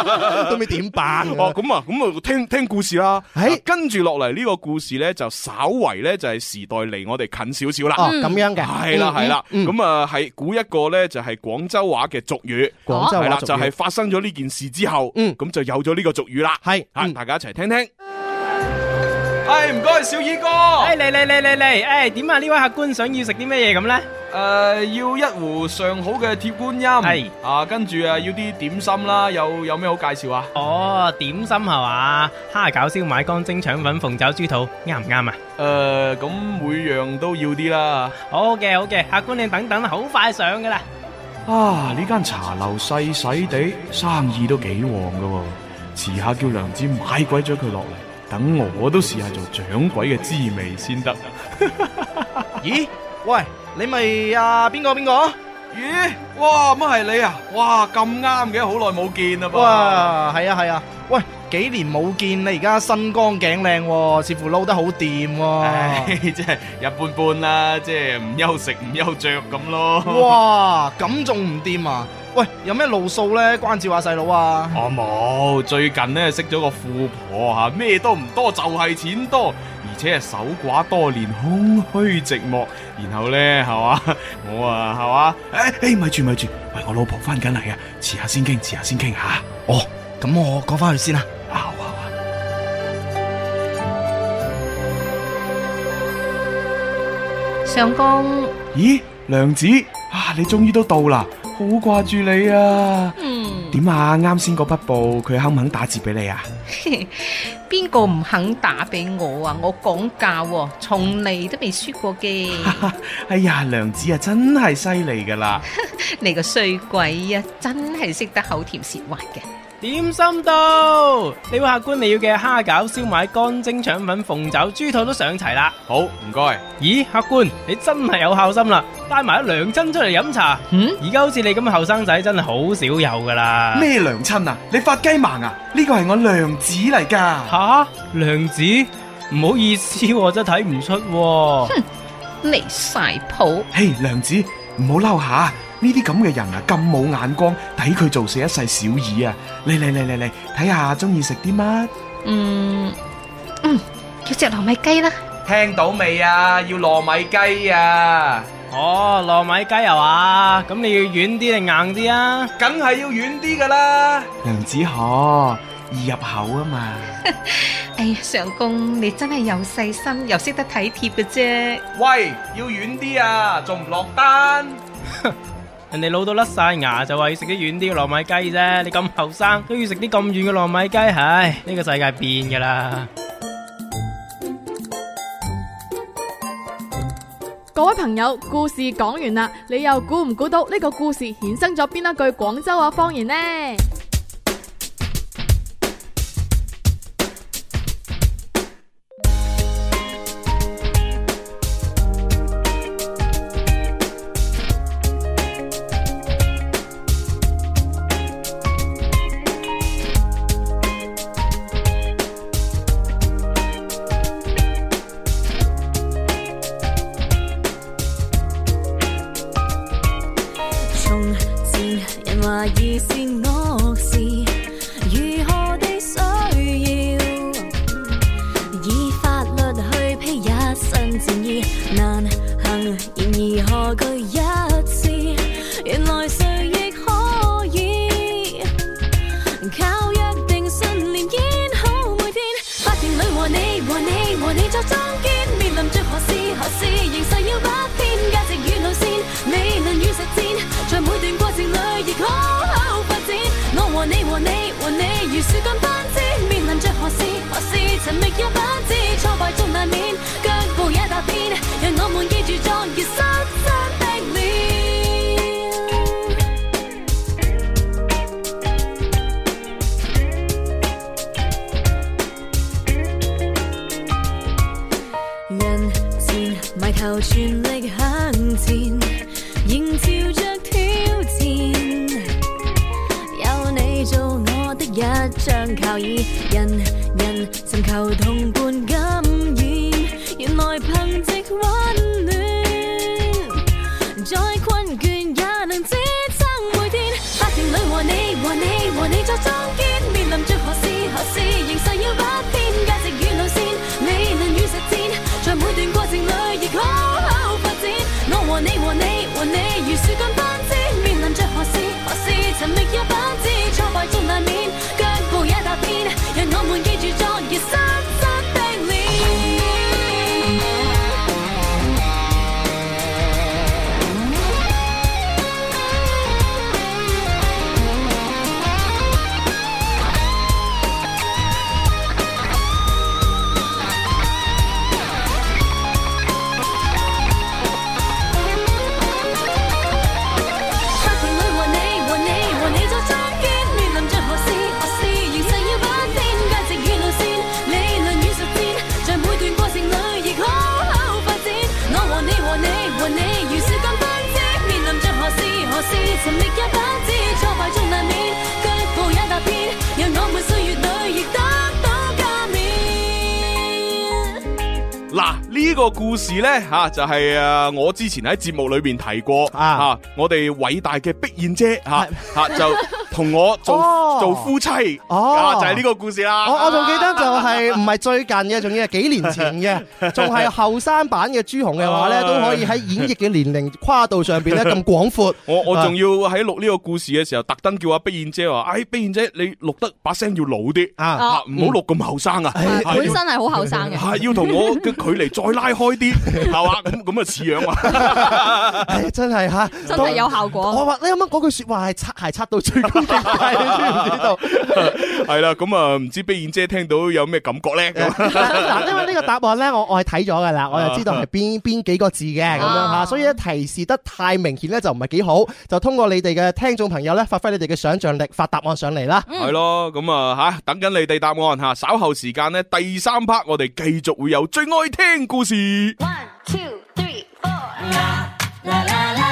(laughs) 都未點辦、嗯。哦，咁啊，咁啊，聽聽故事啦。誒、欸啊，跟住落嚟呢個故事咧，就稍微咧就係、是、時代離我哋近少少啦。哦，咁樣嘅。係啦，係、嗯、啦。咁、嗯、啊，係估、嗯、一個咧就係、是、廣州話嘅俗語，廣州話俗語，就係、是、發生咗呢件事之後，咁、嗯、就有咗呢個俗語啦。係、嗯，大家一齊聽聽。哎，唔該，小二哥！哎，嚟嚟嚟嚟嚟！哎，點啊？呢位客官想要食啲咩嘢咁咧？誒、呃，要一壺上好嘅鐵觀音。係、哎、啊，跟住啊，要啲點，點心啦，有有咩好介紹啊？哦，點心係嘛，蝦餃、燒賣、乾蒸、腸粉、鳳爪、豬肚，啱唔啱啊？誒、呃，咁每樣都要啲啦。好嘅，好嘅，客官你等等，好快上噶啦。啊，呢間茶樓細細地，生意都幾旺噶、哦，遲下叫娘子買鬼咗佢落嚟。等我都試下做掌櫃嘅滋味先得。咦？喂，你咪啊邊個邊個？咦？哇，乜係你啊？哇，咁啱嘅，好耐冇見啦噃。哇，係啊係啊，喂，幾年冇見，你而家身光頸靚，似乎撈得好掂。唉，即係一般般啦，即係唔休食唔休着咁咯。哇，咁仲唔掂啊？喂，有咩路數咧？關照下細佬啊！我、啊、冇最近咧，識咗個富婆吓，咩、啊、都唔多，就係錢多，而且係守寡多年，空虛寂寞。然後咧係嘛，我啊係嘛，誒誒咪住咪住，喂我老婆翻緊嚟啊！遲下先傾，遲下先傾吓。哦，咁我講翻去先啦。啊，好啊，好啊。相公，咦，娘子啊，你終於都到啦！好掛住你啊！點、嗯、啊？啱先嗰筆報佢肯唔肯打字俾你啊？邊個唔肯打俾我啊？我講價、啊，從嚟都未輸過嘅。 (laughs) 哎呀，娘子啊，真係犀利噶啦！ (laughs) 你個衰鬼啊，真係識得口甜舌滑嘅。點心到，呢位客官你要嘅蝦餃、燒賣、乾蒸、腸粉、鳳爪、豬肚都上齊啦。好，唔該。咦，客官，你真係有孝心啦，帶埋阿娘親出嚟飲茶。嗯，而家好似你咁嘅後生仔真係好少有噶啦。咩娘親啊？你發雞盲啊？呢個係我娘子嚟噶。吓、啊，娘子，唔好意思、啊，我真睇唔出、啊。哼，離晒譜。嘿、hey,，娘子，唔好嬲下。呢啲咁嘅人啊，咁冇眼光，睇佢做死一世小二啊！嚟嚟嚟嚟嚟，睇下中意食啲乜？嗯，嗯，叫隻糯米雞啦！聽到未啊？要糯米雞啊！哦，糯米雞啊嘛，咁你要軟啲定硬啲啊？梗係要軟啲㗎啦！梁子可易入口啊嘛！哎呀，上公你真係又細心又識得體貼嘅啫！喂，要軟啲啊，仲唔落單？人哋老到甩晒牙就話要食啲遠啲嘅糯米雞啫，你咁後生都要食啲咁遠嘅糯米雞，唉！呢個世界變噶啦。各位朋友，故事講完啦，你又估唔估到呢個故事衍生咗邊一句廣州話方言呢？呢、這個故事呢，吓就係誒，我之前喺節目裏面提過啊，啊，我哋偉大嘅碧燕姐，吓、啊、吓、啊、就。 (laughs) 同我做、哦、做夫妻，哦、就係、是、呢個故事啦、哦。我我仲記得就係唔係最近嘅，仲 (laughs) 要係幾年前嘅，仲係後生版嘅朱紅嘅話咧， (laughs) 都可以喺演繹嘅年齡跨度上邊咧咁廣闊。我我仲要喺錄呢個故事嘅時候，特、啊、登叫阿碧燕姐話，哎，碧燕姐，你錄得把聲要老啲啊，唔好錄咁後生啊。本身係好後生嘅，係、啊、要同、 (laughs) 啊、我嘅距離再拉開啲，係 (laughs) 嘛？咁咁啊似樣啊！真係吓，真係有效果。我話你啱啱嗰句說話係測鞋測到最係，唔知道，係啦，咁啊，唔知悲燕姐聽到有咩感覺咧？嗱，因為呢個答案咧，我我係睇咗噶啦，我又知道係邊邊幾個字嘅咁樣吓，所以咧提示得太明顯咧就唔係幾好，就通過你哋嘅聽衆朋友咧，發揮你哋嘅想象力發答案上嚟啦。係咯，咁啊吓，等緊你哋答案吓，稍後時間咧第三 part 我哋繼續會有最愛聽故事。One, two, three, four.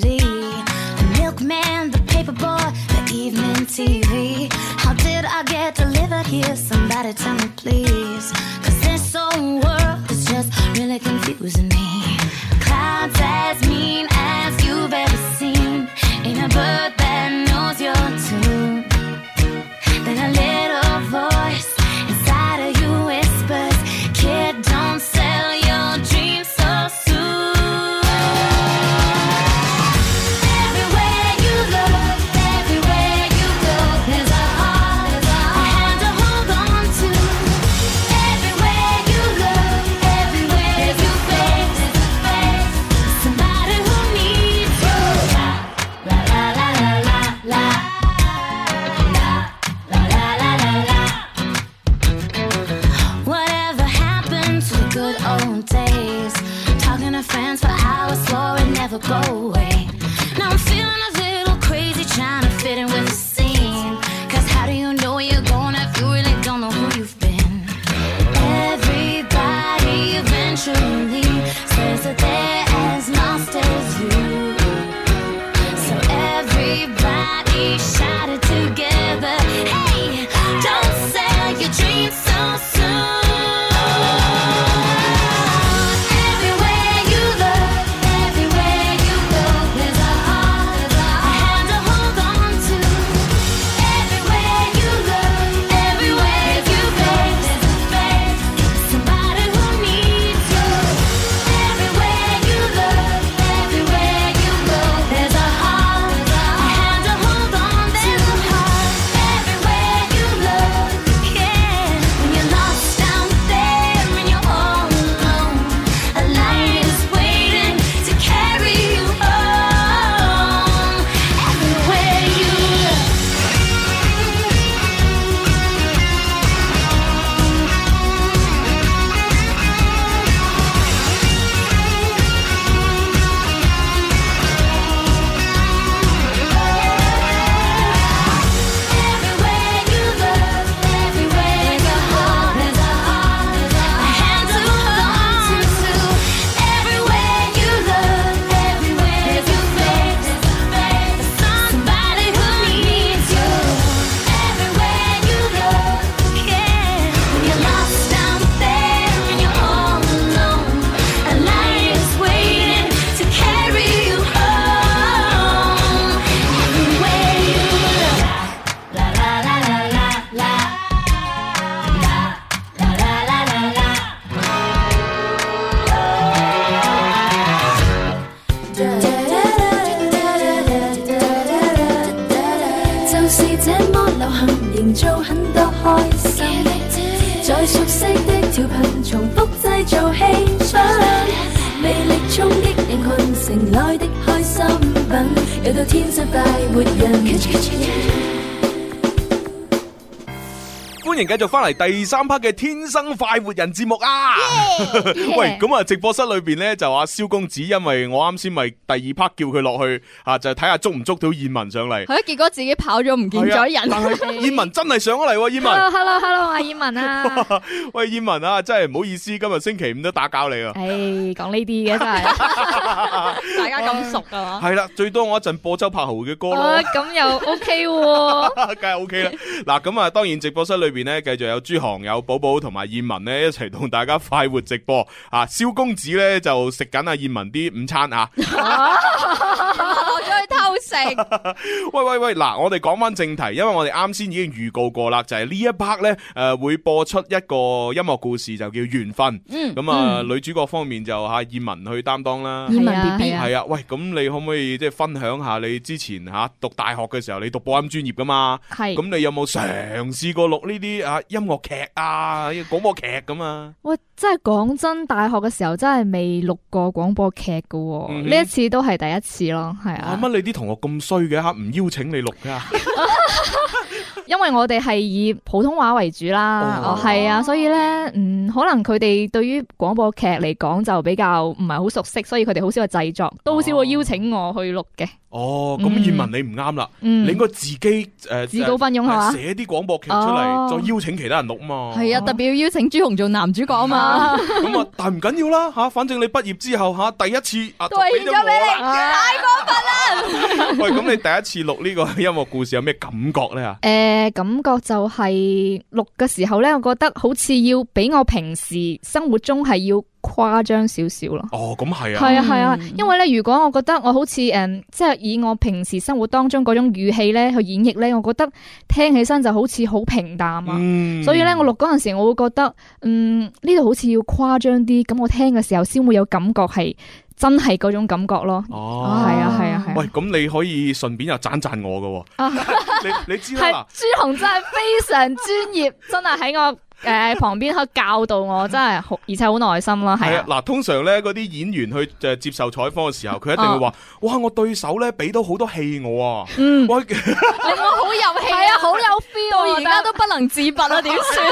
繼續翻嚟第三 part 嘅天生快活人節目啊！Yeah! (laughs) 喂，咁啊，直播室裏邊咧就阿蕭公子，因為我啱先咪第二 part 叫佢落去啊，就睇下捉唔捉到燕文上嚟。好、哎，結果自己跑咗唔見咗人了，燕、哎、文 (laughs) 真係上咗嚟，燕文。hello, hello, 阿燕文啊！ (laughs) hello, hello, hello, 啊 (laughs) 喂，燕文啊，真係唔好意思，今日星期五都打攪你、哎、說這些 (laughs) (laughs) (laughs) 啊！誒，講呢啲嘅真係，大家咁熟噶係啦，最多我一陣播周柏豪嘅歌咯。咁又 OK，梗、啊、係 (laughs) OK 啦。嗱，咁啊，當然直播室裏邊繼續有朱航、有寶寶同埋燕文咧一齊同大家快活直播啊！蕭公子咧就食緊阿燕文啲午餐啊！我再偷食。喂喂喂，嗱，我哋講翻正題，因為我哋啱先已經預告過啦，就係、是、呢一 part 咧，誒、呃、會播出一個音樂故事，就叫緣分。嗯，咁、嗯、啊、呃、女主角方面就阿燕文去擔當啦。燕文啊，係啊，啊，啊，啊。喂，咁你可唔可以即係分享下你之前吓、啊、讀大學嘅時候，你讀播音專業噶嘛？係。咁你有冇嘗試過錄呢啲？啊！音樂劇啊，廣播劇咁啊！喂，真係講真，大學嘅時候真係未錄過廣播劇㗎喎、哦，呢、嗯、一次都係第一次咯，係、嗯、啊！乜、啊、你啲同學咁衰嘅吓，唔邀請你錄㗎、啊？ (laughs) (laughs) 因為我哋係以普通話為主啦，係、哦哦、啊，所以咧，嗯，可能佢哋對於廣播劇嚟講就比較唔係好熟悉，所以佢哋好少去製作，都好少會邀請我去錄嘅。哦，咁燕文你唔啱啦，你應該自己誒、呃、自告奮勇係嘛，寫啲廣播劇出嚟、哦、再邀請其他人錄嘛。係啊，特別要邀請朱紅做男主角嘛。咁 (laughs) 啊，但唔緊要緊啦吓，反正你畢業之後吓第一次啊，都係做俾你，太過分啦。 (laughs) 喂，咁你第一次錄呢個音樂故事有咩感覺咧啊？誒，感覺就係錄嘅時候呢，我覺得好似要比我平時生活中係要誇張少少咯。哦，咁係啊，啊，係啊，係啊，因為呢，如果我覺得我好似誒、嗯，即係以我平時生活當中嗰種語氣呢去演繹呢，我覺得聽起身就好似好平淡啊。嗯、所以呢，我錄嗰陣時我會覺得，嗯，呢度好似要誇張啲，咁我聽嘅時候先會有感覺係。真係嗰種感覺咯，係、oh. 啊係啊係啊，啊！喂，咁你可以順便又贊贊我㗎喎，哦 (laughs) (laughs) 你你知啦，朱紅真係非常專業， (laughs) 真係喺我。誒、呃，旁邊可教導我，真係好，而且好耐心咯。係啊，嗱、啊，通常咧嗰啲演員去誒、呃、接受採訪嘅時候，佢一定會話、啊：，哇，我對手咧俾到好多戲我啊，嗯、你我好入戲，係啊，好、 (laughs) 啊、有 feel 啊，而家都不能自拔啊，點算？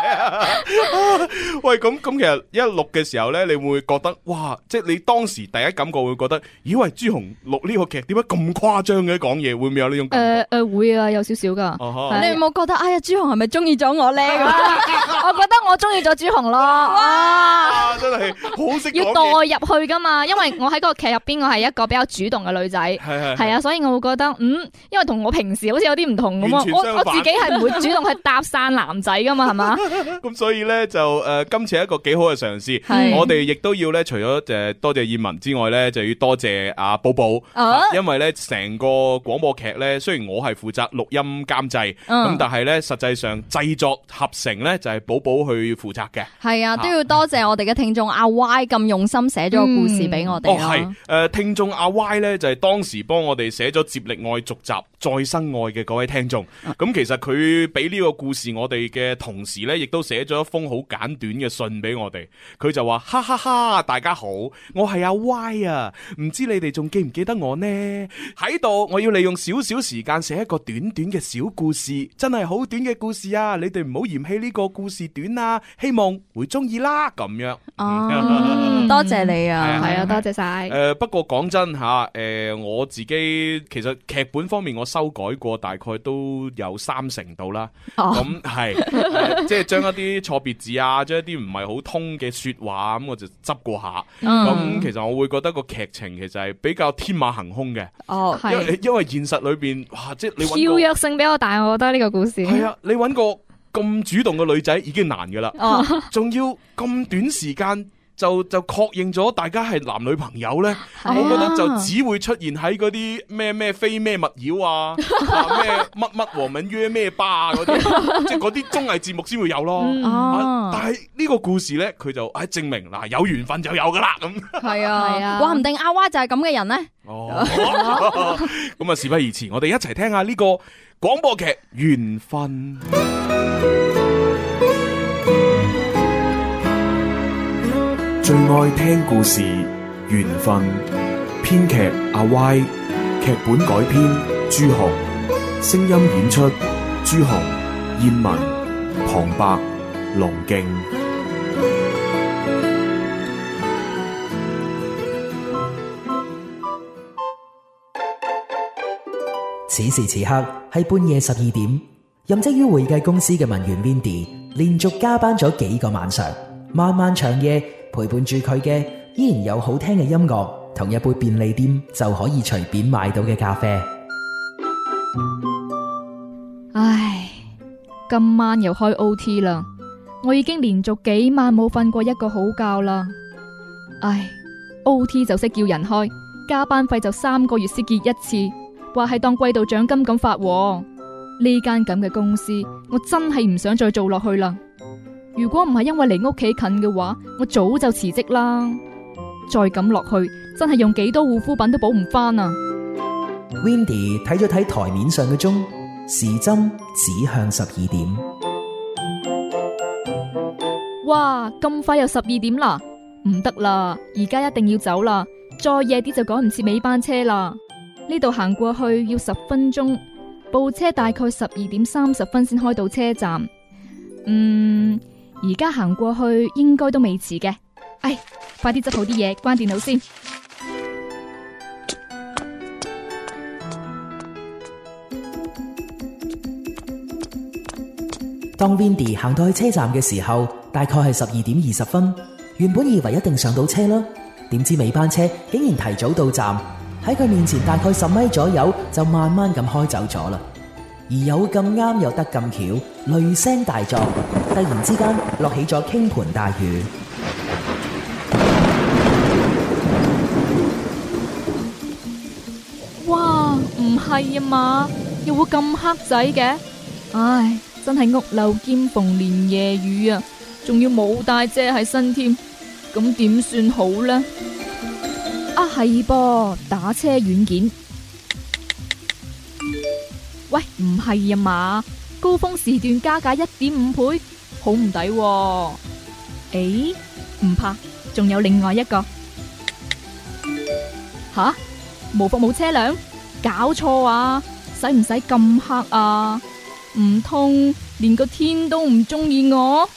(laughs) (laughs) 喂，咁咁其實一錄嘅時候咧，你會，會覺得哇，即係你當時第一感覺會，會覺得，咦、哎？喂，朱紅錄呢個劇點解咁誇張嘅講嘢？會唔會有呢種感覺？誒、呃、誒、呃，會啊，有少少噶、啊啊。你有冇覺得，哎呀，朱紅係咪中意咗我咧？啊 (laughs) 啊、我覺得我中意咗朱紅咯，哇、啊啊！真係好識要代入去噶嘛， (laughs) 因為我喺個劇入邊，我係一個比較主動嘅女仔，係 (laughs) 啊，所以我會覺得嗯，因為同我平時好似有啲唔同咁啊，我我自己係唔會主動去搭訕男仔噶嘛，係 (laughs) 嘛？咁所以呢，就、呃、誒，今次係一個幾好嘅嘗試，我哋亦都要咧，除咗誒多謝演文之外呢，就要多謝阿寶寶，啊、因為呢，成個廣播劇呢，雖然我係負責錄音監製，咁、嗯、但係呢，實際上製作合，成咧就係寶寶去負責嘅，係啊，都要多謝，謝我哋嘅聽眾阿 Y 咁用心寫咗個故事俾我哋、嗯。哦係，誒、呃、聽眾阿 Y 咧就係、是、當時幫我哋寫咗接力愛續集再生愛嘅嗰位聽眾。咁 (laughs) 其實佢俾呢個故事我哋嘅同時咧，亦都寫咗一封好簡短嘅信俾我哋。佢就話：哈哈哈，大家好，我係阿 Y 啊，唔知你哋仲記唔記得我呢？喺度，我要利用少少時間寫一個短短嘅小故事，真係好短嘅故事啊！你哋唔好嫌。喺、這、呢個故事短啊，希望會中意啦，咁樣哦、嗯，多謝你啊，係啊，多謝晒。誒、呃，不過講真吓，誒、呃，我自己其實劇本方面我修改過，大概都有三成度啦。咁、哦、係、 (laughs) 呃、即係將一啲錯別字啊，將一啲唔係好通嘅說話咁，我就執過下。咁、嗯、其實我會覺得個劇情其實係比較天馬行空嘅。哦，因為因為現實裏邊哇，即係你跳躍性比較大，我覺得呢個故事係啊，你揾個。咁主動嘅女仔已經難噶啦，仲、啊、要咁短時間就就確認咗大家係男女朋友呢？啊、我覺得就只會出現喺嗰啲咩咩非咩勿擾啊，咩乜乜黃敏約咩巴嗰、啊、啲， (laughs) 即係嗰啲綜藝節目先會有咯。嗯、啊啊但係呢個故事呢，佢就唉證明嗱有緣分就有噶啦咁。係啊係啊，話唔定阿娃就係咁嘅人呢？哦，咁啊事不宜遲，我哋一齊聽下呢個廣播劇《緣分》。最愛聽故事，緣分編劇阿 Y，劇本改編朱紅，聲音演出朱紅、燕文旁白龍敬。此時此刻喺半夜十二點，任職於會計公司嘅文員 Vindi，連續加班咗幾個晚上，漫漫長夜。陪伴住佢嘅依然有好聽嘅音樂，同一杯便利店就可以隨便買到嘅咖啡。唉，今晚又開 OT 啦！我已經連續幾晚冇瞓過一個好覺啦。唉，OT 就識叫人開，加班費就三個月先結一次，話係當季度獎金咁發喎。呢間咁嘅公司，我真係唔想再做落去啦。如果唔係因為離屋企近嘅話，我早就辭職啦。再咁落去，真係用幾多護膚品都補唔翻啊！Wendy 睇咗睇台面上嘅鐘，時針指向十二點。哇，咁快又十二點啦！唔得啦，而家一定要走啦。再夜啲就趕唔切尾班車啦。呢度行過去要十分鐘，部車大概十二點三十分先開到車站。嗯。而家行過去應該都未遲嘅，唉，快啲執好啲嘢，關電腦先。當 Vindy 行到去車站嘅時候，大概係十二點二十分。原本以為一定上到車啦，點知尾班車竟然提早到站，喺佢面前大概十米左右就慢慢咁開走咗啦。而有咁啱又得咁巧，雷聲大作。突然之間落起咗傾盆大雨，哇！唔係啊嘛，又會咁黑仔嘅，唉，真係屋漏兼逢連夜雨啊！仲要冇帶遮喺身添，咁點算好呢？啊係噃，打車軟件，喂，唔係啊嘛，高峰時段加價一點五倍。好唔抵？誒、欸，唔怕，仲有另外一個。吓，冇泊冇車輛，搞錯啊！使唔使咁黑啊？唔通連個天都唔中意我？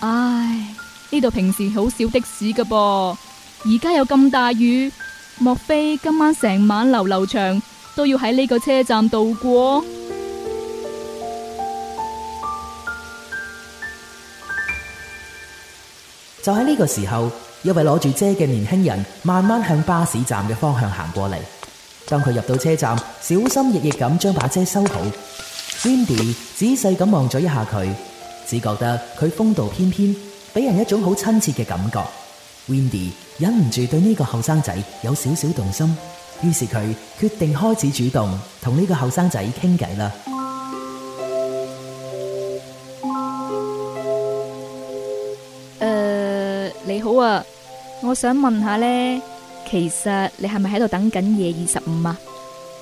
唉，呢度平時好少的士噶噃，而家有咁大雨，莫非今晚成晚流流長都要喺呢個車站度過？就喺呢個時候，一位攞住遮嘅年輕人慢慢向巴士站嘅方向行過嚟。當佢入到車站，小心翼翼咁將把遮收好。Wendy 仔細咁望咗一下佢，只覺得佢風度翩翩，俾人一種好親切嘅感覺。Wendy 忍唔住對呢個後生仔有少少動心，於是佢決定開始主動同呢個後生仔傾偈啦。你好啊，我想問下咧，其實你係咪喺度等緊夜二十五啊？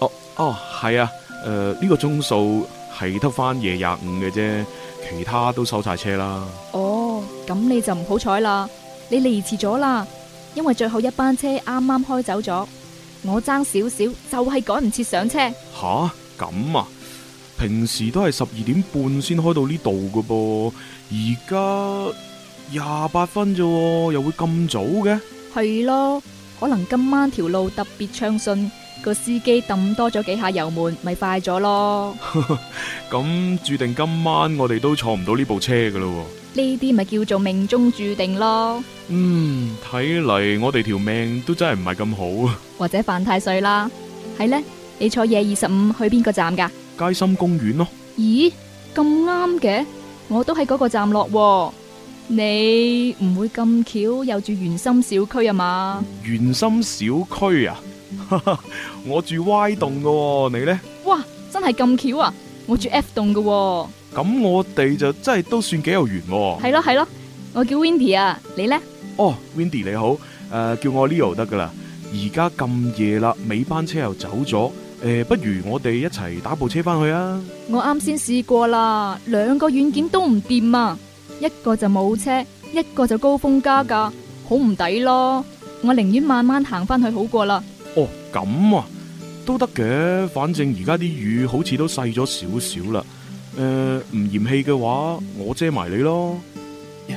哦哦，係啊，誒、呃、呢、這個鐘數係得翻夜廿五嘅啫，其他都收晒車啦。哦，咁你就唔好彩啦，你嚟遲咗啦，因為最後一班車啱啱開走咗，我爭少少就係、是、趕唔切上車。吓、啊、咁啊？平時都係十二點半先開到呢度噶噃，而家。廿八分啫，又會咁早嘅？係咯，可能今晚條路特別暢順，個司機抌多咗幾下油門，咪快咗咯。咁注定今晚我哋都坐唔到呢部車噶啦？呢啲咪叫做命中注定咯。嗯，睇嚟我哋條命都真係唔係咁好啊。或者犯太歲啦。係呢，你坐夜二十五去邊個站噶？街心公園咯。咦，咁啱嘅，我都喺嗰個站落。你唔會咁巧有住圓心小區啊嘛？圓心小區啊， (laughs) 我住 Y 棟噶，你咧？哇，真係咁巧啊！我住 F 棟噶。咁我哋就真係都算幾有緣。係咯係咯，我叫 Windy 啊，你咧？哦、oh, Windy 你好，誒、uh,，叫我 Leo 得噶啦。而家咁夜啦，尾班車又走咗，誒，不如我哋一齊打一部車翻去才啊？我啱先試過啦，兩個軟件都唔掂啊！一個就冇車，一個就高峰加價，好唔抵咯！我寧願慢慢行翻去好過啦。哦，咁啊，都得嘅，反正而家啲雨好似都細咗少少啦。誒、呃，唔嫌棄嘅話，我遮埋你咯。Yeah.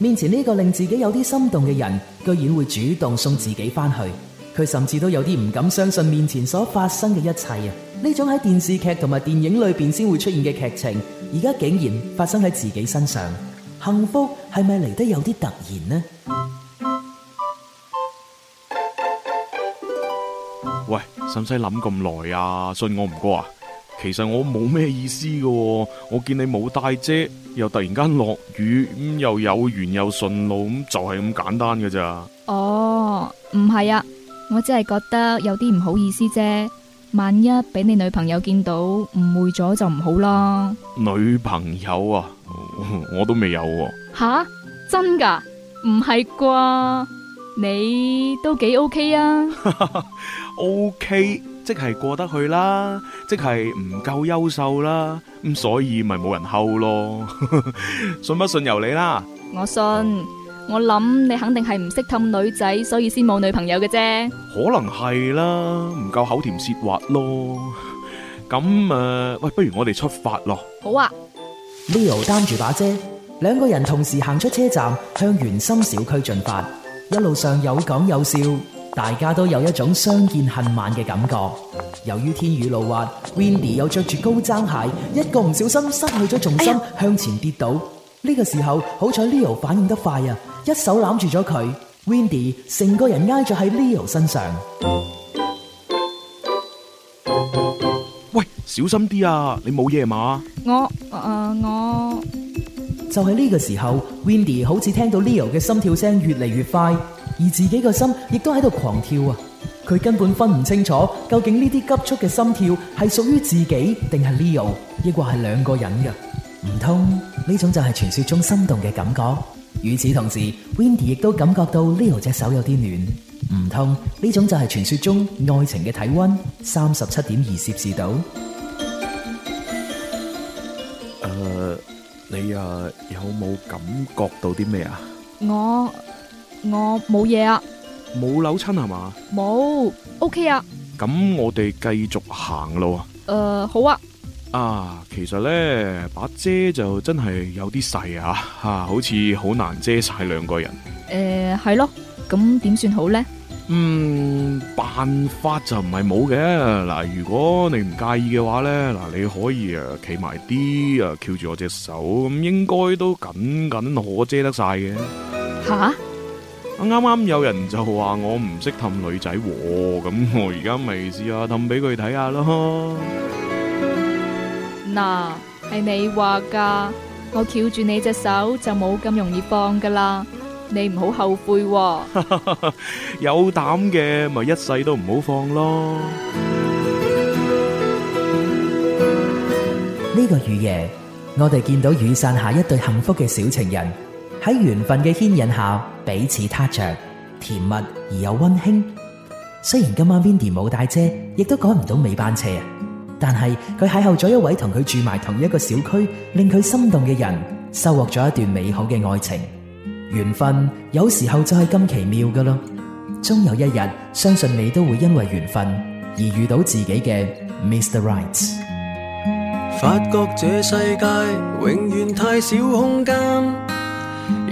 面前呢個令自己有啲心動嘅人，居然會主動送自己翻去，佢甚至都有啲唔敢相信面前所發生嘅一切啊！呢種喺電視劇同埋電影裏邊先會出現嘅劇情，而家竟然發生喺自己身上，幸福係咪嚟得有啲突然呢？喂，使唔使諗咁耐啊？信我唔過啊！其實我冇咩意思噶，我見你冇帶遮，又突然間落雨，咁又有緣又順路，咁就係、係、咁簡單嘅咋？哦，唔係啊，我只係覺得有啲唔好意思啫。萬一俾你女朋友見到，誤會咗就唔好啦。女朋友啊，我，我都未有、啊。吓，真噶？唔係啩？你都幾 OK 啊 (laughs) ？OK。即係過得去啦，即係唔夠優秀啦，咁所以咪冇人吼咯。信 (laughs) 不信由你啦。我信，我諗你肯定係唔識氹女仔，所以先冇女朋友嘅啫。可能係啦，唔夠口甜舌滑咯。咁 (laughs) 誒、呃，喂，不如我哋出發咯。好啊，Leo 擔住把遮，兩個人同時行出車站，向源心小區進發。一路上有講有笑。大家都有一種相見恨晚嘅感覺。由於天雨路滑，Wendy 又着住高踭鞋，一個唔小心失去咗重心向前跌倒。呢、哎、個時候好彩 Leo 反應得快啊，一手攬住咗佢，Wendy 成個人挨咗喺 Leo 身上。喂，小心啲啊！你冇嘢嘛？我、呃、我就喺、是、呢個時候，Wendy 好似聽到 Leo 嘅心跳聲越嚟越快。而自己個心亦都喺度狂跳啊！佢根本分唔清楚究竟呢啲急促嘅心跳係屬於自己定係 Leo，抑或係兩個人嘅？唔通呢種就係傳說中心動嘅感覺？與此同時，Wendy 亦都感覺到 Leo 隻手有啲暖，唔通呢種就係傳說中愛情嘅體溫？三十七點二攝氏度。誒，你啊有冇感覺到啲咩啊？我。我冇嘢啊，冇扭親係嘛？冇，O K 啊。咁我哋繼續行路啊。誒、呃，好啊。啊，其實咧，把遮就真係有啲細啊，吓、啊，好似好難遮晒兩個人。誒、呃，係咯。咁點算好咧？嗯，辦法就唔係冇嘅嗱。如果你唔介意嘅話咧，嗱，你可以誒企埋啲誒，翹住我隻手，咁應該都緊緊可遮得晒嘅。吓？啱啱有人就話我唔識氹女仔，咁我而家咪試下氹俾佢睇下咯。嗱，係你話噶，我翹住你隻手就冇咁容易放噶啦，你唔好後悔。有膽嘅咪一世都唔好放咯。呢個雨夜，我哋見到雨傘下一對幸福嘅小情人。喺緣分嘅牽引下，彼此踏着甜蜜而又溫馨。雖然今晚 Vindy 冇帶車，亦都趕唔到尾班車啊！但係佢邂逅咗一位同佢住埋同一個小區，令佢心動嘅人，收穫咗一段美好嘅愛情。緣分有時候就係咁奇妙㗎囉，終有一日，相信你都會因為緣分而遇到自己嘅 Mr. Right。發覺這世界永遠太少空間。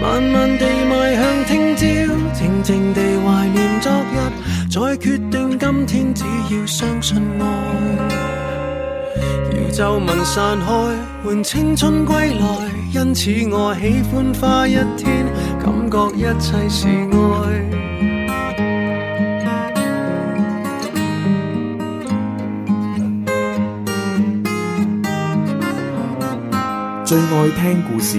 慢慢地邁向聽朝，靜靜地懷念昨日，再決定今天，只要相信愛。叫皺紋散開，喚青春歸來。因此我喜歡花一天感覺一切是愛。最愛聽故事。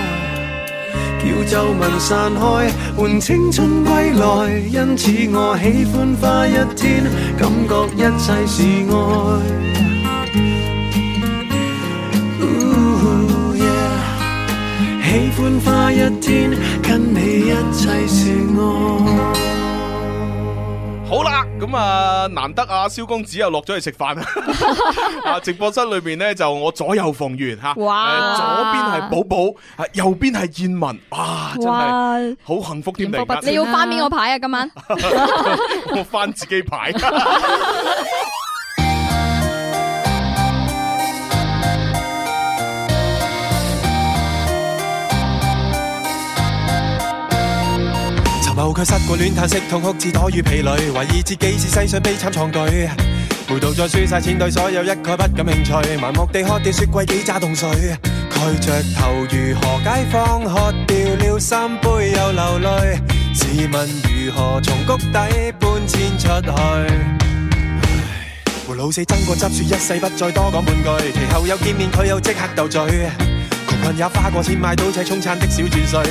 要皺紋散開，換青春歸來。因此我喜歡花一天，感覺一切是愛。哦耶、yeah.，喜歡花一天，跟你一切是愛。好啦，咁啊難得啊，蕭公子又落咗去食飯啊！啊， (laughs) 直播室裏邊咧就我左右逢源吓哇、啊，左邊係寶寶，啊右邊係燕文，啊，哇真係好幸福啲嚟？你要翻邊個牌啊？今晚 (laughs) (laughs) 我翻自己牌。 (laughs) (laughs) 某刻失過戀，嘆息痛哭，至躲於被裏，懷疑自己是世上悲慘創舉。無道再輸晒錢，對所有一概不感興趣，盲目地喝掉雪櫃幾扎凍水。蓋着頭如何解放？喝掉了三杯又流淚，試問如何從谷底搬遷出去？和老死爭過執雪，說一世不再多講半句。其後又見面，佢又即刻鬥嘴。也花過錢買到車充餐的小鑽碎,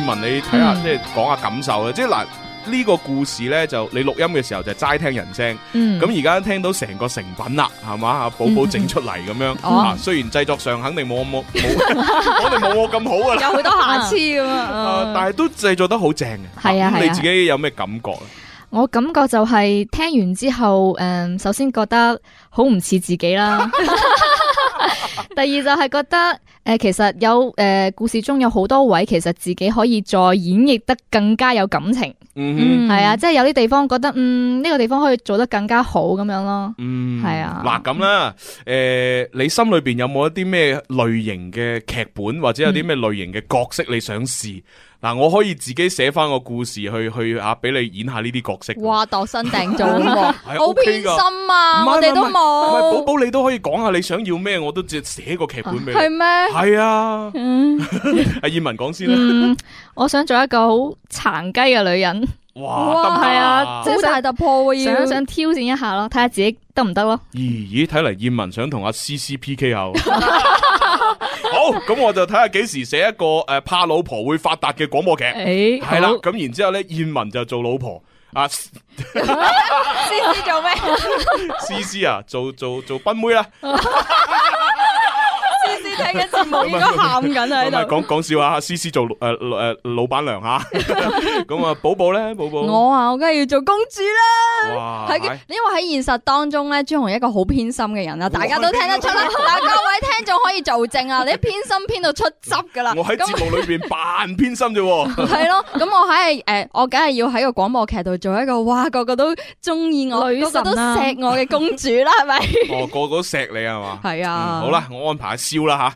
葉文，你睇下即係講下感受啊！即係嗱，呢個故事咧就你錄音嘅時候就齋聽人聲，咁而家聽到成個成品啦，係嘛啊寶寶整出嚟，咁樣，嗯、啊、哦、雖然製作上肯定冇 (laughs) 我冇我哋冇我咁好啊、 (laughs) 嗯、很啊，有好多瑕疵啊，但係都製作得好正啊！係啊，你自己有咩感覺啊？我感覺就係、是、聽完之後，誒、嗯，首先覺得好唔似自己啦， (laughs) (laughs) 第二就係覺得。誒、呃，其實有誒、呃，故事中有好多位，其實自己可以再演繹得更加有感情，係、嗯嗯、啊，嗯、即係有啲地方覺得，嗯，呢、這個地方可以做得更加好咁樣咯，係、嗯、啊。嗱，咁啦，誒、嗯呃，你心裏邊有冇一啲咩類型嘅劇本，或者有啲咩類型嘅角色你想試？嗯嗱，我可以自己寫翻個故事去去吓，俾、啊、你演一下呢啲角色。哇，度身訂做，好、 (laughs) 哎 okay、偏心啊！不我哋都冇，寶寶你都可以講下你想要咩，我都只寫個劇本俾你。係咩？係啊。阿燕文講先啦。啊嗯 (laughs) 嗯 (laughs) 嗯， (laughs) 我想做一個好殘雞嘅女人。哇，係 (laughs) 啊，即係大突破啊！想想挑戰一下咯，睇下自己得唔得咯。咦咦，睇嚟燕文想同阿 C C P K 下。 (laughs) (laughs) (laughs) 好，咁我就睇下幾時寫一個誒怕老婆會發達嘅廣播劇，係、欸、啦，咁然之後咧，燕文就做老婆啊，詩詩 (laughs) 做咩？詩 (laughs) 詩啊，做做做賓妹啦。 (laughs) 喺個節目應該喊緊喺講講笑話，詩詩做誒誒老闆娘吓，咁啊寶寶咧，寶寶我啊，我梗係要做公主啦。哇！哎、因為喺現實當中咧，朱紅一個好偏心嘅人啦，大家都聽得出啦。嗱，各位聽眾可以做證啊！你偏心偏到出汁噶啦，我喺節目裏邊扮偏心啫。係 (laughs) 咯 (laughs) 咁我喺誒、呃，我梗係要喺個廣播劇度做一個哇，個個都中意我，個、啊、個都錫我嘅公主啦，係 (laughs) 咪？哦，個個都錫你係嘛？係啊、嗯，好啦，我安排阿蕭啦吓。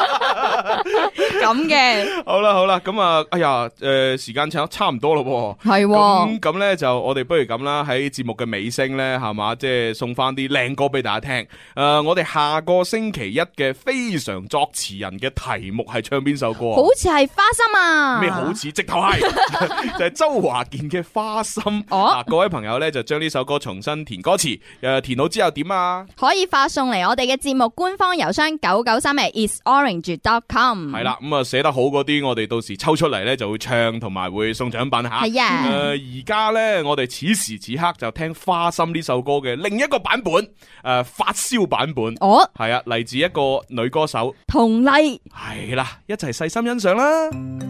咁 (laughs) 嘅，好啦好啦，咁啊，哎呀，誒、呃，時間差差唔多咯，係咁咁咧，就我哋不如咁啦，喺節目嘅尾聲咧，係嘛，即係送翻啲靚歌俾大家聽。誒、呃，我哋下個星期一嘅非常作詞人嘅題目係唱邊首歌？好似係花心啊？咩好似？直頭係 (laughs) (laughs) 就係周華健嘅花心。嗱、oh?，各位朋友咧就將呢首歌重新填歌詞。誒，填好之後點啊？可以發送嚟我哋嘅節目官方郵箱九九三零 is orange。名 dotcom 係啦，咁啊寫得好嗰啲，我哋到時抽出嚟咧就會唱，同埋會送獎品吓。係、yeah. 啊、呃，而家咧我哋此時此刻就聽《花心》呢首歌嘅另一個版本，誒、呃，發燒版本。哦係啊，嚟自一個女歌手，同麗。係啦，一齊細心欣賞啦。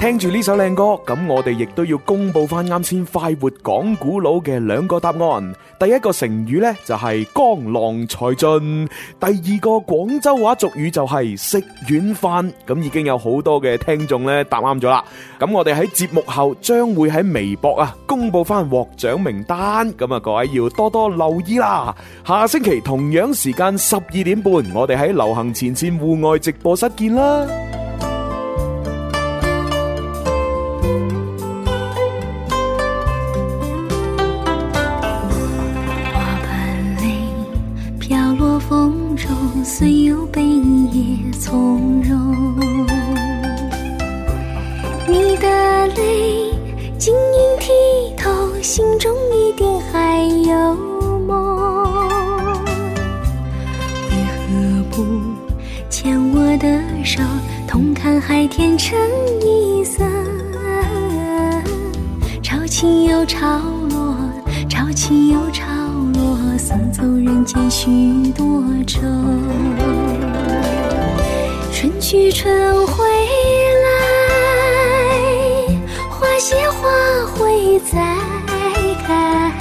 聽住呢首靚歌，咁我哋亦都要公布翻，啱先快活講古佬嘅兩個答案。第一個成語呢就係江郎才盡，第二個廣州話俗語就係食軟飯。咁已經有好多嘅聽眾呢答啱咗啦。咁我哋喺節目後將會喺微博啊公布翻獲獎名單。咁啊，各位要多多留意啦。下星期同樣時間十二點半，我哋喺流行前線戶外直播室見啦。雖有悲，也從容。你的淚晶瑩剔透，心中一定還有夢。為何不牽我的手，同看海天成一色？潮起又潮落，潮起又潮。我送走人間許多愁，春去春會來，花謝花會再開。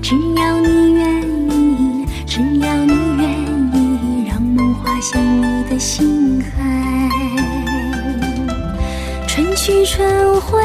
只要你願意，只要你願意，讓夢劃向你的心海。春去春會。